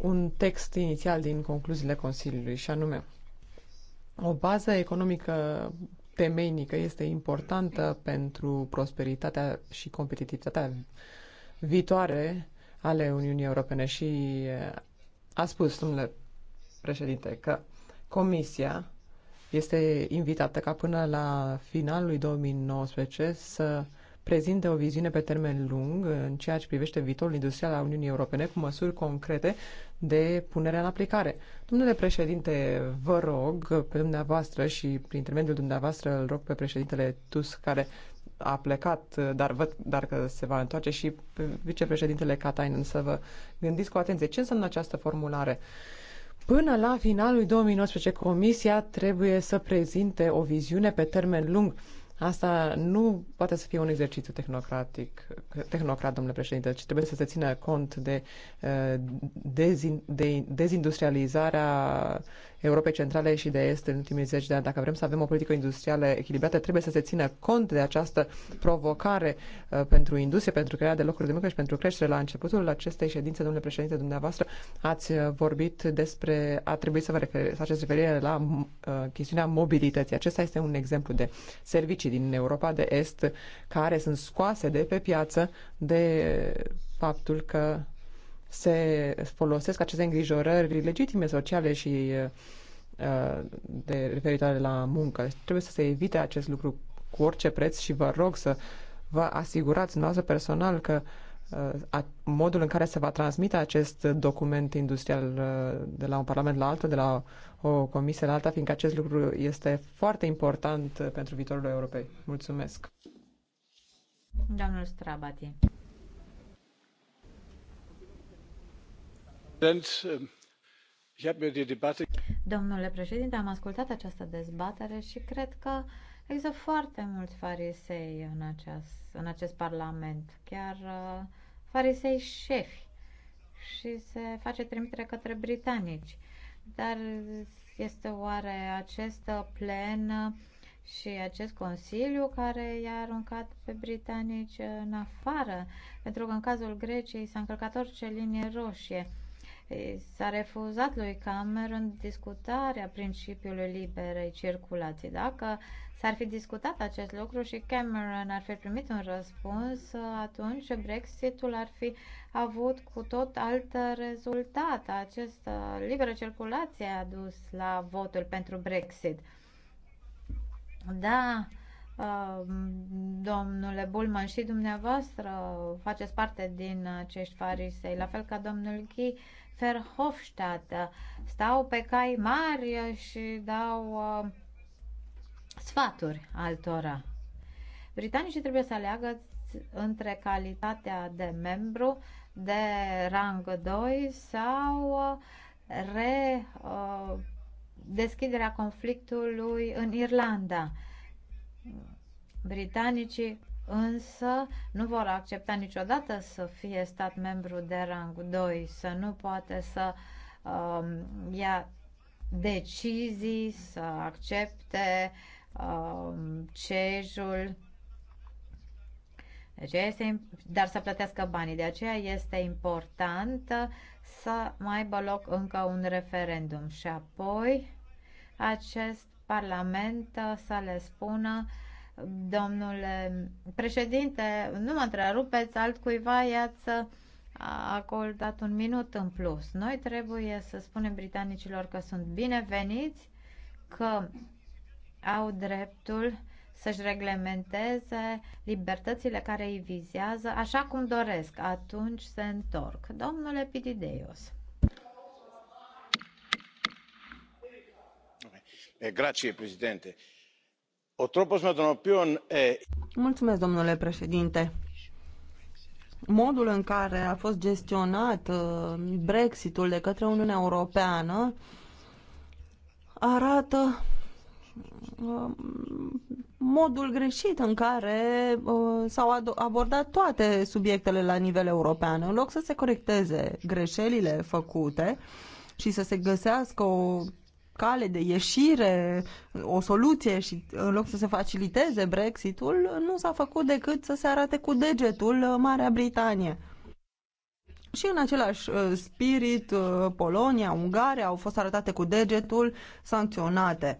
un text inițial din concluziile Consiliului, și anume o bază economică temeinică este importantă pentru prosperitatea și competitivitatea viitoare ale Uniunii Europene și a spus, domnule președinte, că Comisia este invitată ca până la finalul 2019 să prezinte o viziune pe termen lung în ceea ce privește viitorul industrial al Uniunii Europene cu măsuri concrete de punere în aplicare. Domnule președinte, vă rog pe dumneavoastră și prin intermediul dumneavoastră îl rog pe președintele Tusk care a plecat, dar văd dar că se va întoarce și pe vicepreședintele Katainen să vă gândiți cu atenție ce înseamnă această formulare. Până la finalul 2019, Comisia trebuie să prezinte o viziune pe termen lung Asta nu poate să fie un exercițiu tehnocratic, tehnocrat, domnule președinte, ci trebuie să se țină cont de, uh, de, de dezindustrializarea Europei Centrale și de Est în ultimii zeci de ani. Dacă vrem să avem o politică industrială echilibrată, trebuie să se țină cont de această provocare uh, pentru industrie, pentru crearea de locuri de muncă și pentru creștere. La începutul acestei ședințe, domnule președinte, dumneavoastră, ați uh, vorbit despre, a trebui să vă refer, să faceți referire la uh, chestiunea mobilității. Acesta este un exemplu de servicii din Europa de Est care sunt scoase de pe piață de faptul că se folosesc aceste îngrijorări legitime sociale și uh, de referitoare la muncă. Deci trebuie să se evite acest lucru cu orice preț și vă rog să vă asigurați noastră personal că uh, a, modul în care se va transmite acest document industrial uh, de la un parlament la altul, de la o comisie la alta, fiindcă acest lucru este foarte important pentru viitorul europei. Mulțumesc! Domnul Strabati. Um, Domnule președinte, am ascultat această dezbatere și cred că există foarte mulți farisei în acest, în acest parlament, chiar uh, farisei șefi și se face trimitere către britanici. Dar este oare acest plen și acest consiliu care i-a aruncat pe britanici în afară? Pentru că în cazul Greciei s-a încălcat orice linie roșie. Păi, s-a refuzat lui Cameron discutarea principiului liberei circulații. Dacă s-ar fi discutat acest lucru și Cameron ar fi primit un răspuns, atunci Brexitul ar fi avut cu tot alt rezultat. Această liberă circulație a dus la votul pentru Brexit. Da, uh, domnule Bulman și dumneavoastră faceți parte din acești farisei, la fel ca domnul Ghi. Verhofstadt uh, stau pe cai mari și dau uh, sfaturi altora. Britanicii trebuie să aleagă între calitatea de membru de rang 2 sau uh, re, uh, deschiderea conflictului în Irlanda. Britanicii însă nu vor accepta niciodată să fie stat membru de rang 2, să nu poate să uh, ia decizii, să accepte uh, cejul, deci este, dar să plătească banii. De aceea este important să mai aibă loc încă un referendum și apoi acest parlament să le spună uh, Domnule președinte, nu mă întrerupeți, altcuiva i-ați acordat un minut în plus. Noi trebuie să spunem britanicilor că sunt bineveniți, că au dreptul să-și reglementeze libertățile care îi vizează așa cum doresc, atunci se întorc. Domnule Pitideios. Eh, grazie, președinte domnule președinte. Modul în care a fost gestionat uh, Brexitul de către Uniunea Europeană arată uh, modul greșit în care uh, s-au abordat toate subiectele la nivel european. În loc să se corecteze greșelile făcute și să se găsească o cale de ieșire, o soluție și în loc să se faciliteze Brexitul, nu s-a făcut decât să se arate cu degetul uh, Marea Britanie. Și în același uh, spirit, uh, Polonia, Ungaria au fost arătate cu degetul, sancționate.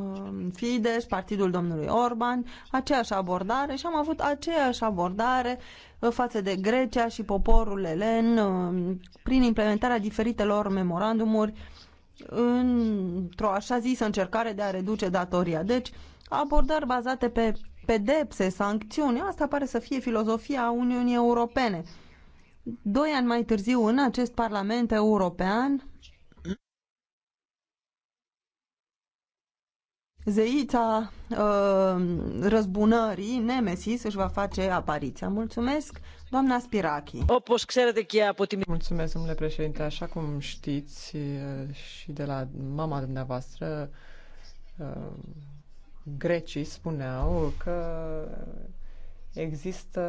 Um, Fidesz, partidul domnului Orban, aceeași abordare și am avut aceeași abordare uh, față de Grecia și poporul elen um, prin implementarea diferitelor memorandumuri într-o așa zisă încercare de a reduce datoria. Deci, abordări bazate pe pedepse, sancțiuni, asta pare să fie filozofia Uniunii Europene. Doi ani mai târziu, în acest Parlament European, Zeita, uh, răzbunării, Nemesis, își va face apariția. Mulțumesc, doamna Spirachi. Mulțumesc, domnule președinte. Așa cum știți uh, și de la mama dumneavoastră, uh, grecii spuneau că există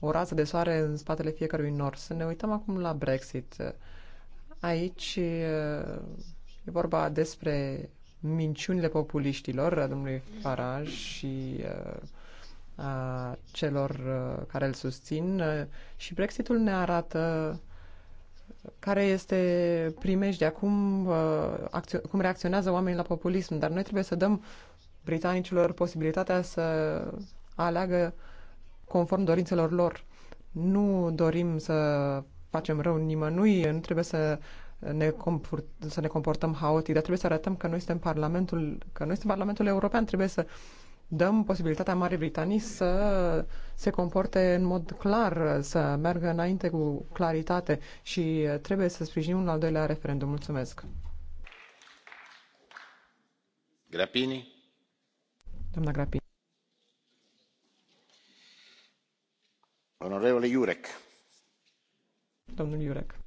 o rază de soare în spatele fiecărui nor. Să ne uităm acum la Brexit. Aici uh, e vorba despre minciunile populiștilor, a domnului Farage și uh, a celor uh, care îl susțin uh, și Brexitul ne arată care este primejdea, cum, cum reacționează oamenii la populism, dar noi trebuie să dăm britanicilor posibilitatea să aleagă conform dorințelor lor. Nu dorim să facem rău nimănui, nu trebuie să ne comport, să ne comportăm haotic, dar trebuie să arătăm că noi suntem Parlamentul, că noi suntem Parlamentul European, trebuie să dăm posibilitatea Marii Britanii să se comporte în mod clar, să meargă înainte cu claritate și trebuie să sprijinim un al doilea referendum. Mulțumesc. Grapini. Doamna Grapini. Onorevole Iurec. Domnul Iurec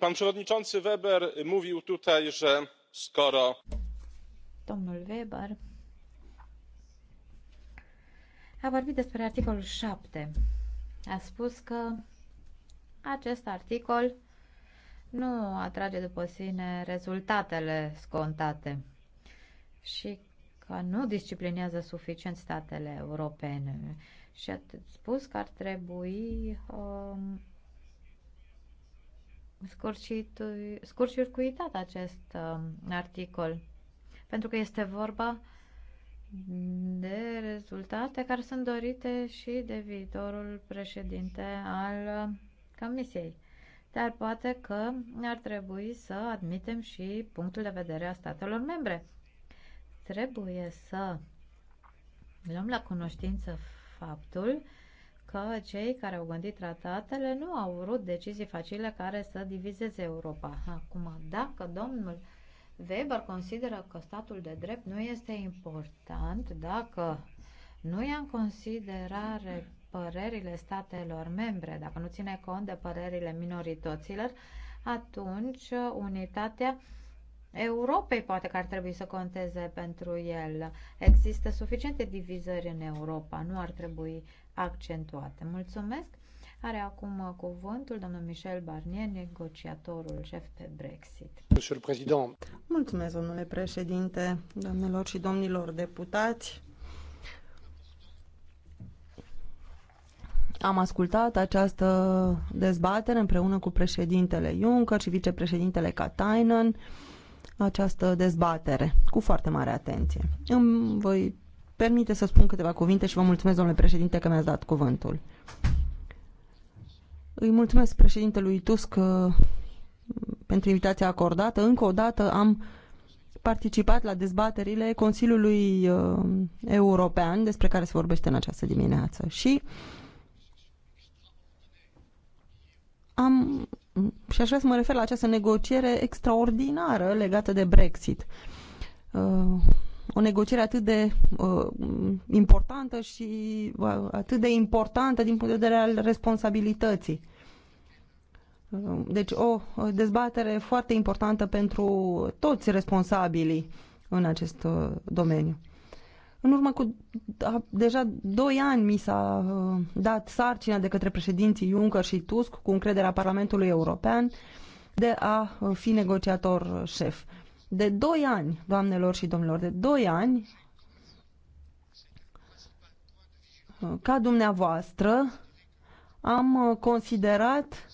pan przewodniczący weber mówił tutaj że skoro. a vorbit despre articolul 7. A spus că acest articol nu atrage după sine rezultatele scontate și că nu disciplinează suficient statele europene. Și a spus că ar trebui um, scurcircuitat acest um, articol, pentru că este vorba de rezultate care sunt dorite și de viitorul președinte al Comisiei. Dar poate că ar trebui să admitem și punctul de vedere a statelor membre. Trebuie să luăm la cunoștință faptul că cei care au gândit tratatele nu au vrut decizii facile care să divizeze Europa. Acum, dacă domnul Weber consideră că statul de drept nu este important, dacă nu ia în considerare părerile statelor membre, dacă nu ține cont de părerile minorităților, atunci uh, unitatea uh, Europei poate că ar trebui să conteze pentru el. Există suficiente divizări în Europa, nu ar trebui accentuate. Mulțumesc! Are acum cuvântul domnul Michel Barnier, negociatorul șef pe Brexit. Mulțumesc, domnule președinte, domnilor și domnilor deputați. Am ascultat această dezbatere împreună cu președintele Juncker și vicepreședintele Katainen această dezbatere cu foarte mare atenție. Îmi voi permite să spun câteva cuvinte și vă mulțumesc, domnule președinte, că mi-ați dat cuvântul. Îi mulțumesc președintelui Tusk uh, pentru invitația acordată. Încă o dată am participat la dezbaterile Consiliului uh, European despre care se vorbește în această dimineață și uh, am, și așa să mă refer la această negociere extraordinară legată de Brexit. Uh, o negociere atât de uh, importantă și uh, atât de importantă din punct de vedere al responsabilității. Deci o dezbatere foarte importantă pentru toți responsabilii în acest domeniu. În urmă cu a, deja doi ani mi s-a uh, dat sarcina de către președinții Juncker și Tusk cu încrederea Parlamentului European de a uh, fi negociator șef. De doi ani, doamnelor și domnilor, de doi ani, uh, ca dumneavoastră, am uh, considerat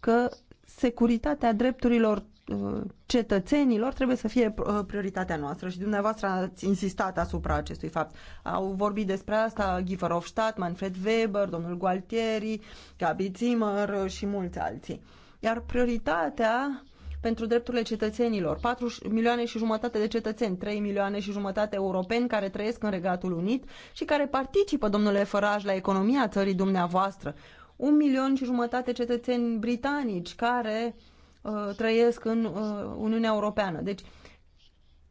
că securitatea drepturilor cetățenilor trebuie să fie uh, prioritatea noastră și dumneavoastră ați insistat asupra acestui fapt. Au vorbit despre asta Guy Verhofstadt, Manfred Weber, domnul Gualtieri, Gabi Zimmer și mulți alții. Iar prioritatea pentru drepturile cetățenilor. 4 milioane și jumătate de cetățeni, 3 milioane și jumătate europeni care trăiesc în Regatul Unit și care participă, domnule Farage, la economia țării dumneavoastră. Un milion și jumătate cetățeni britanici care uh, Uh, trăiesc în uh, Uniunea Europeană. Deci,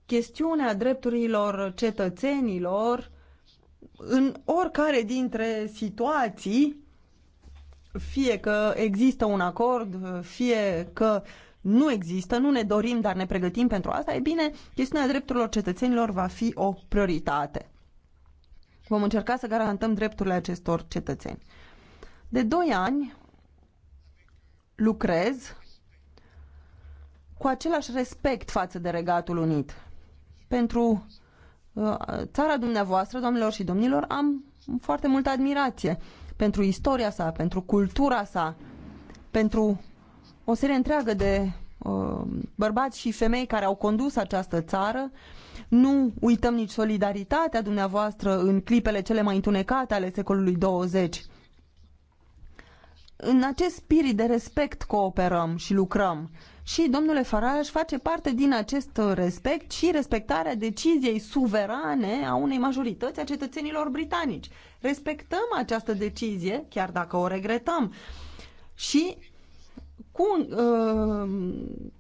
chestiunea drepturilor cetățenilor în oricare dintre situații, fie că există un acord, fie că nu există, nu ne dorim, dar ne pregătim pentru asta, e bine, chestiunea drepturilor cetățenilor va fi o prioritate. Vom încerca să garantăm drepturile acestor cetățeni. De doi ani lucrez cu același respect față de Regatul Unit. Pentru uh, țara dumneavoastră, domnilor și domnilor, am foarte multă admirație pentru istoria sa, pentru cultura sa, pentru o serie întreagă de uh, bărbați și femei care au condus această țară. Nu uităm nici solidaritatea dumneavoastră în clipele cele mai întunecate ale secolului 20. În acest spirit de respect cooperăm și lucrăm și domnule Farage face parte din acest uh, respect și respectarea deciziei suverane a unei majorități a cetățenilor britanici. Respectăm această decizie, chiar dacă o regretăm. Și cu uh,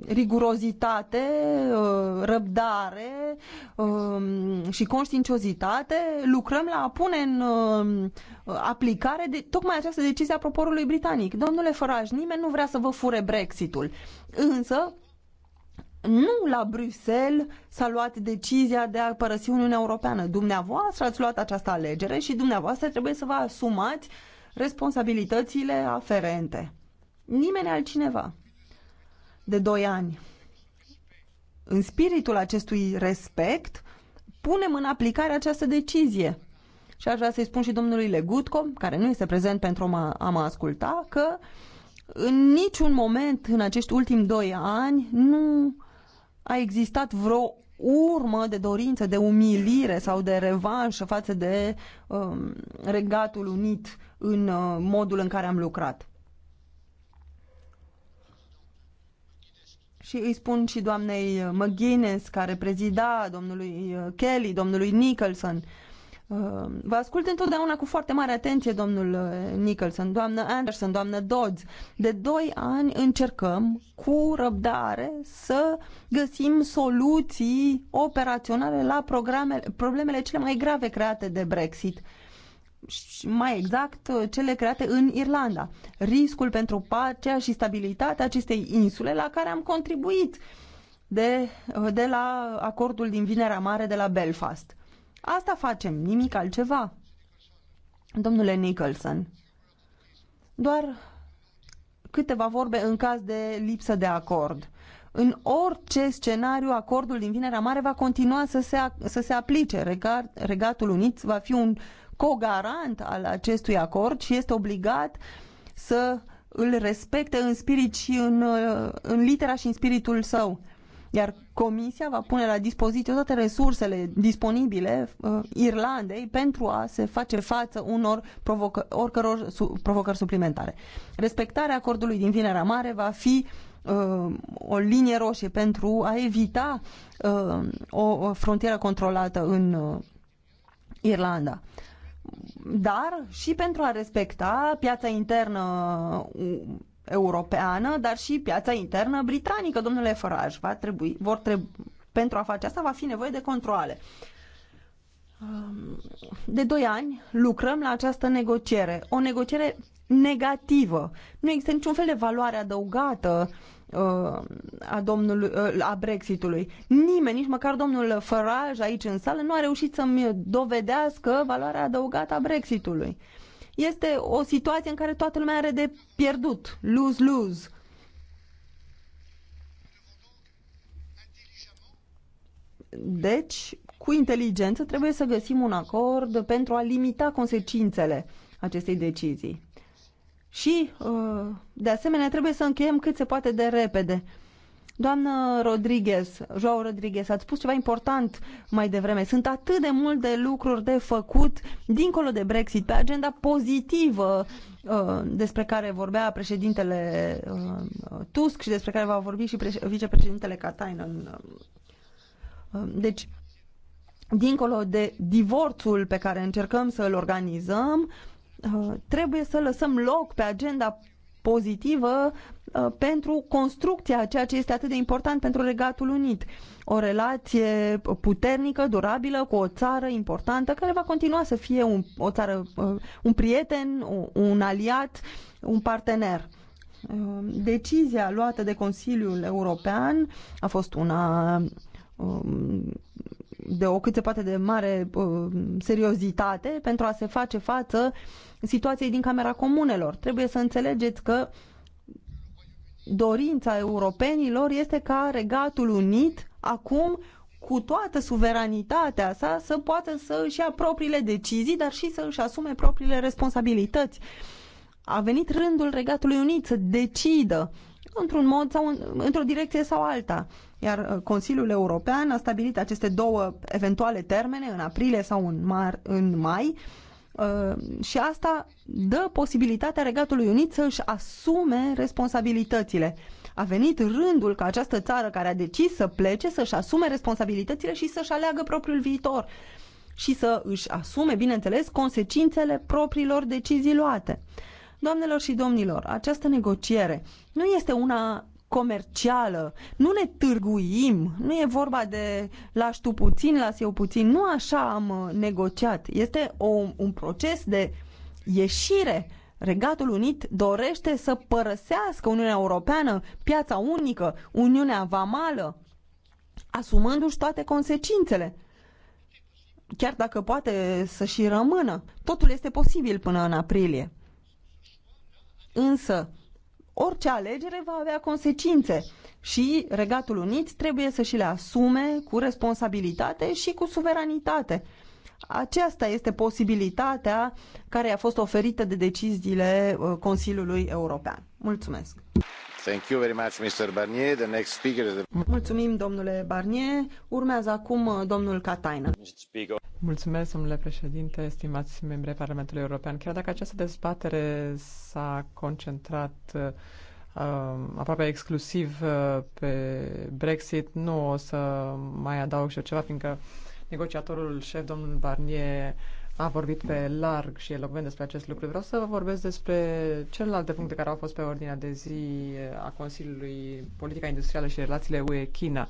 rigurozitate, uh, răbdare uh, și conștiinciozitate lucrăm la a pune în uh, aplicare de, tocmai această decizie a proporului britanic. Domnule Farage, nimeni nu vrea să vă fure Brexitul. Însă, nu la Bruxelles s-a luat decizia de a părăsi Uniunea Europeană. Dumneavoastră ați luat această alegere și dumneavoastră trebuie să vă asumați responsabilitățile aferente nimeni altcineva de doi ani. În spiritul acestui respect, punem în aplicare această decizie. Și aș vrea să-i spun și domnului Legutco, care nu este prezent pentru a mă asculta, că în niciun moment în acești ultimi doi ani nu a existat vreo urmă de dorință, de umilire sau de revanșă față de um, Regatul Unit în uh, modul în care am lucrat. și îi spun și doamnei McGuinness, care prezida, domnului uh, Kelly, domnului Nicholson. Uh, vă ascult întotdeauna cu foarte mare atenție, domnul uh, Nicholson, doamnă Anderson, doamnă Dodds. De doi ani încercăm cu răbdare să găsim soluții operaționale la programele, problemele cele mai grave create de Brexit și mai exact uh, cele create în Irlanda. Riscul pentru pacea și stabilitatea acestei insule la care am contribuit de, uh, de la acordul din Vinerea Mare de la Belfast. Asta facem, nimic altceva. Domnule Nicholson, doar câteva vorbe în caz de lipsă de acord. În orice scenariu, acordul din Vinerea Mare va continua să se, să se aplice. Regat, Regatul Unit va fi un cogarant al acestui acord și este obligat să îl respecte în spirit și în, uh, în litera și în spiritul său. Iar Comisia va pune la dispoziție toate resursele disponibile uh, Irlandei pentru a se face față unor provocă, oricăror su, provocări suplimentare. Respectarea acordului din Vinerea Mare va fi uh, uh, o linie roșie pentru a evita uh, o frontieră controlată în uh, Irlanda. Dar și pentru a respecta piața internă uh, europeană, dar și piața internă britanică, domnule Farage. Va trebui, vor trebui, pentru a face asta va fi nevoie de controle. Um, de doi ani lucrăm la această negociere, o negociere negativă. Nu există niciun fel de valoare adăugată a, domnului, a Brexitului. Nimeni, nici măcar domnul Farage aici în sală, nu a reușit să-mi dovedească valoarea adăugată a Brexitului. Este o situație în care toată lumea are de pierdut. Lose-lose. Deci, cu inteligență, trebuie să găsim un acord pentru a limita consecințele acestei decizii. Și, uh, de asemenea, trebuie să încheiem cât se poate de repede. Doamnă Rodriguez, Joao Rodriguez, ați spus ceva important mai devreme. Sunt atât de multe lucruri de făcut dincolo de Brexit, pe agenda pozitivă uh, despre care vorbea președintele uh, Tusk și despre care va vorbi și vicepreședintele Katainen. Deci, dincolo de divorțul pe care încercăm să îl organizăm, Uh, trebuie să lăsăm loc pe agenda pozitivă uh, pentru construcția ceea ce este atât de important pentru Regatul Unit. O relație puternică, durabilă, cu o țară importantă, care va continua să fie un, o țară, uh, un prieten, un aliat, un partener. Decizia luată de Consiliul European a fost una um, de o cât se poate de mare uh, seriozitate pentru a se face față situației din Camera Comunelor. Trebuie să înțelegeți că dorința europenilor este ca Regatul Unit acum cu toată suveranitatea sa să poată să își ia propriile decizii, dar și să își asume propriile responsabilități. A venit rândul Regatului Unit să decidă într-un mod sau în, într-o direcție sau alta. Iar uh, Consiliul European a stabilit aceste două eventuale termene în aprilie sau în, mar, în mai uh, și asta dă posibilitatea Regatului Unit să își asume responsabilitățile. A venit rândul ca această țară care a decis să plece să-și asume responsabilitățile și să-și aleagă propriul viitor și să își asume, bineînțeles, consecințele propriilor decizii luate. Doamnelor și domnilor, această negociere nu este una comercială, nu ne târguim, nu e vorba de lași tu puțin, las eu puțin, nu așa am uh, negociat. Este o, un proces de ieșire. Regatul Unit dorește să părăsească Uniunea Europeană, piața unică, Uniunea Vamală, asumându-și toate consecințele. Chiar dacă poate să și rămână, totul este posibil până în aprilie. Însă, orice alegere va avea consecințe și Regatul Unit trebuie să și le asume cu responsabilitate și cu suveranitate. Aceasta este posibilitatea care a fost oferită de deciziile uh, Consiliului European. Mulțumesc! Thank you very much, Mr. Barnier. The next speaker is the... Mulțumim, domnule Barnier. Urmează acum uh, domnul Katainen. Mulțumesc, domnule președinte, stimați membri Parlamentului European. Chiar dacă această dezbatere s-a concentrat uh, aproape exclusiv uh, pe Brexit, nu o să mai adaug și eu ceva, fiindcă negociatorul șef, domnul Barnier, a vorbit pe larg și elocvent despre acest lucru. Vreau să vă vorbesc despre celelalte puncte care au fost pe ordinea de zi a Consiliului Politica Industrială și Relațiile UE-China. Uh,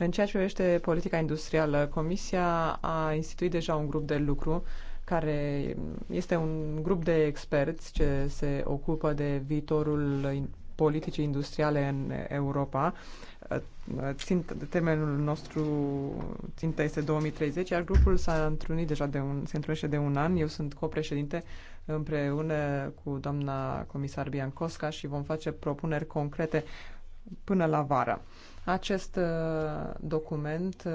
în ceea ce privește politica industrială, Comisia a instituit deja un grup de lucru care este un grup de experți ce se ocupă de viitorul politicii industriale în Europa. Țint, termenul nostru țintă este 2030, iar grupul s-a întrunit deja de un, se întrunește de un an. Eu sunt copreședinte împreună cu doamna comisar Biancosca și vom face propuneri concrete până la vară. Acest uh, document uh,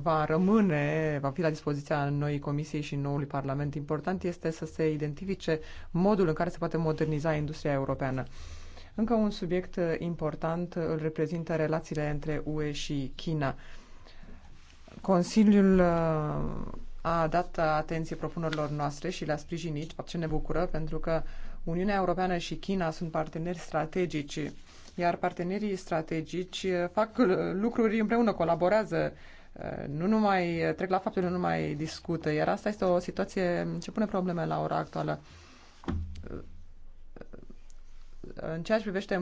va rămâne, va fi la dispoziția noii comisii și noului Parlament. Important este să se identifice modul în care se poate moderniza industria europeană. Încă un subiect uh, important îl reprezintă relațiile între UE și China. Consiliul a dat atenție propunerilor noastre și le-a sprijinit, ce ne bucură, pentru că Uniunea Europeană și China sunt parteneri strategici iar partenerii strategici fac lucruri împreună, colaborează, eh, nu numai eh, trec la faptul, nu numai discută, iar asta este o situație ce pune probleme la ora actuală. Eh, în ceea ce privește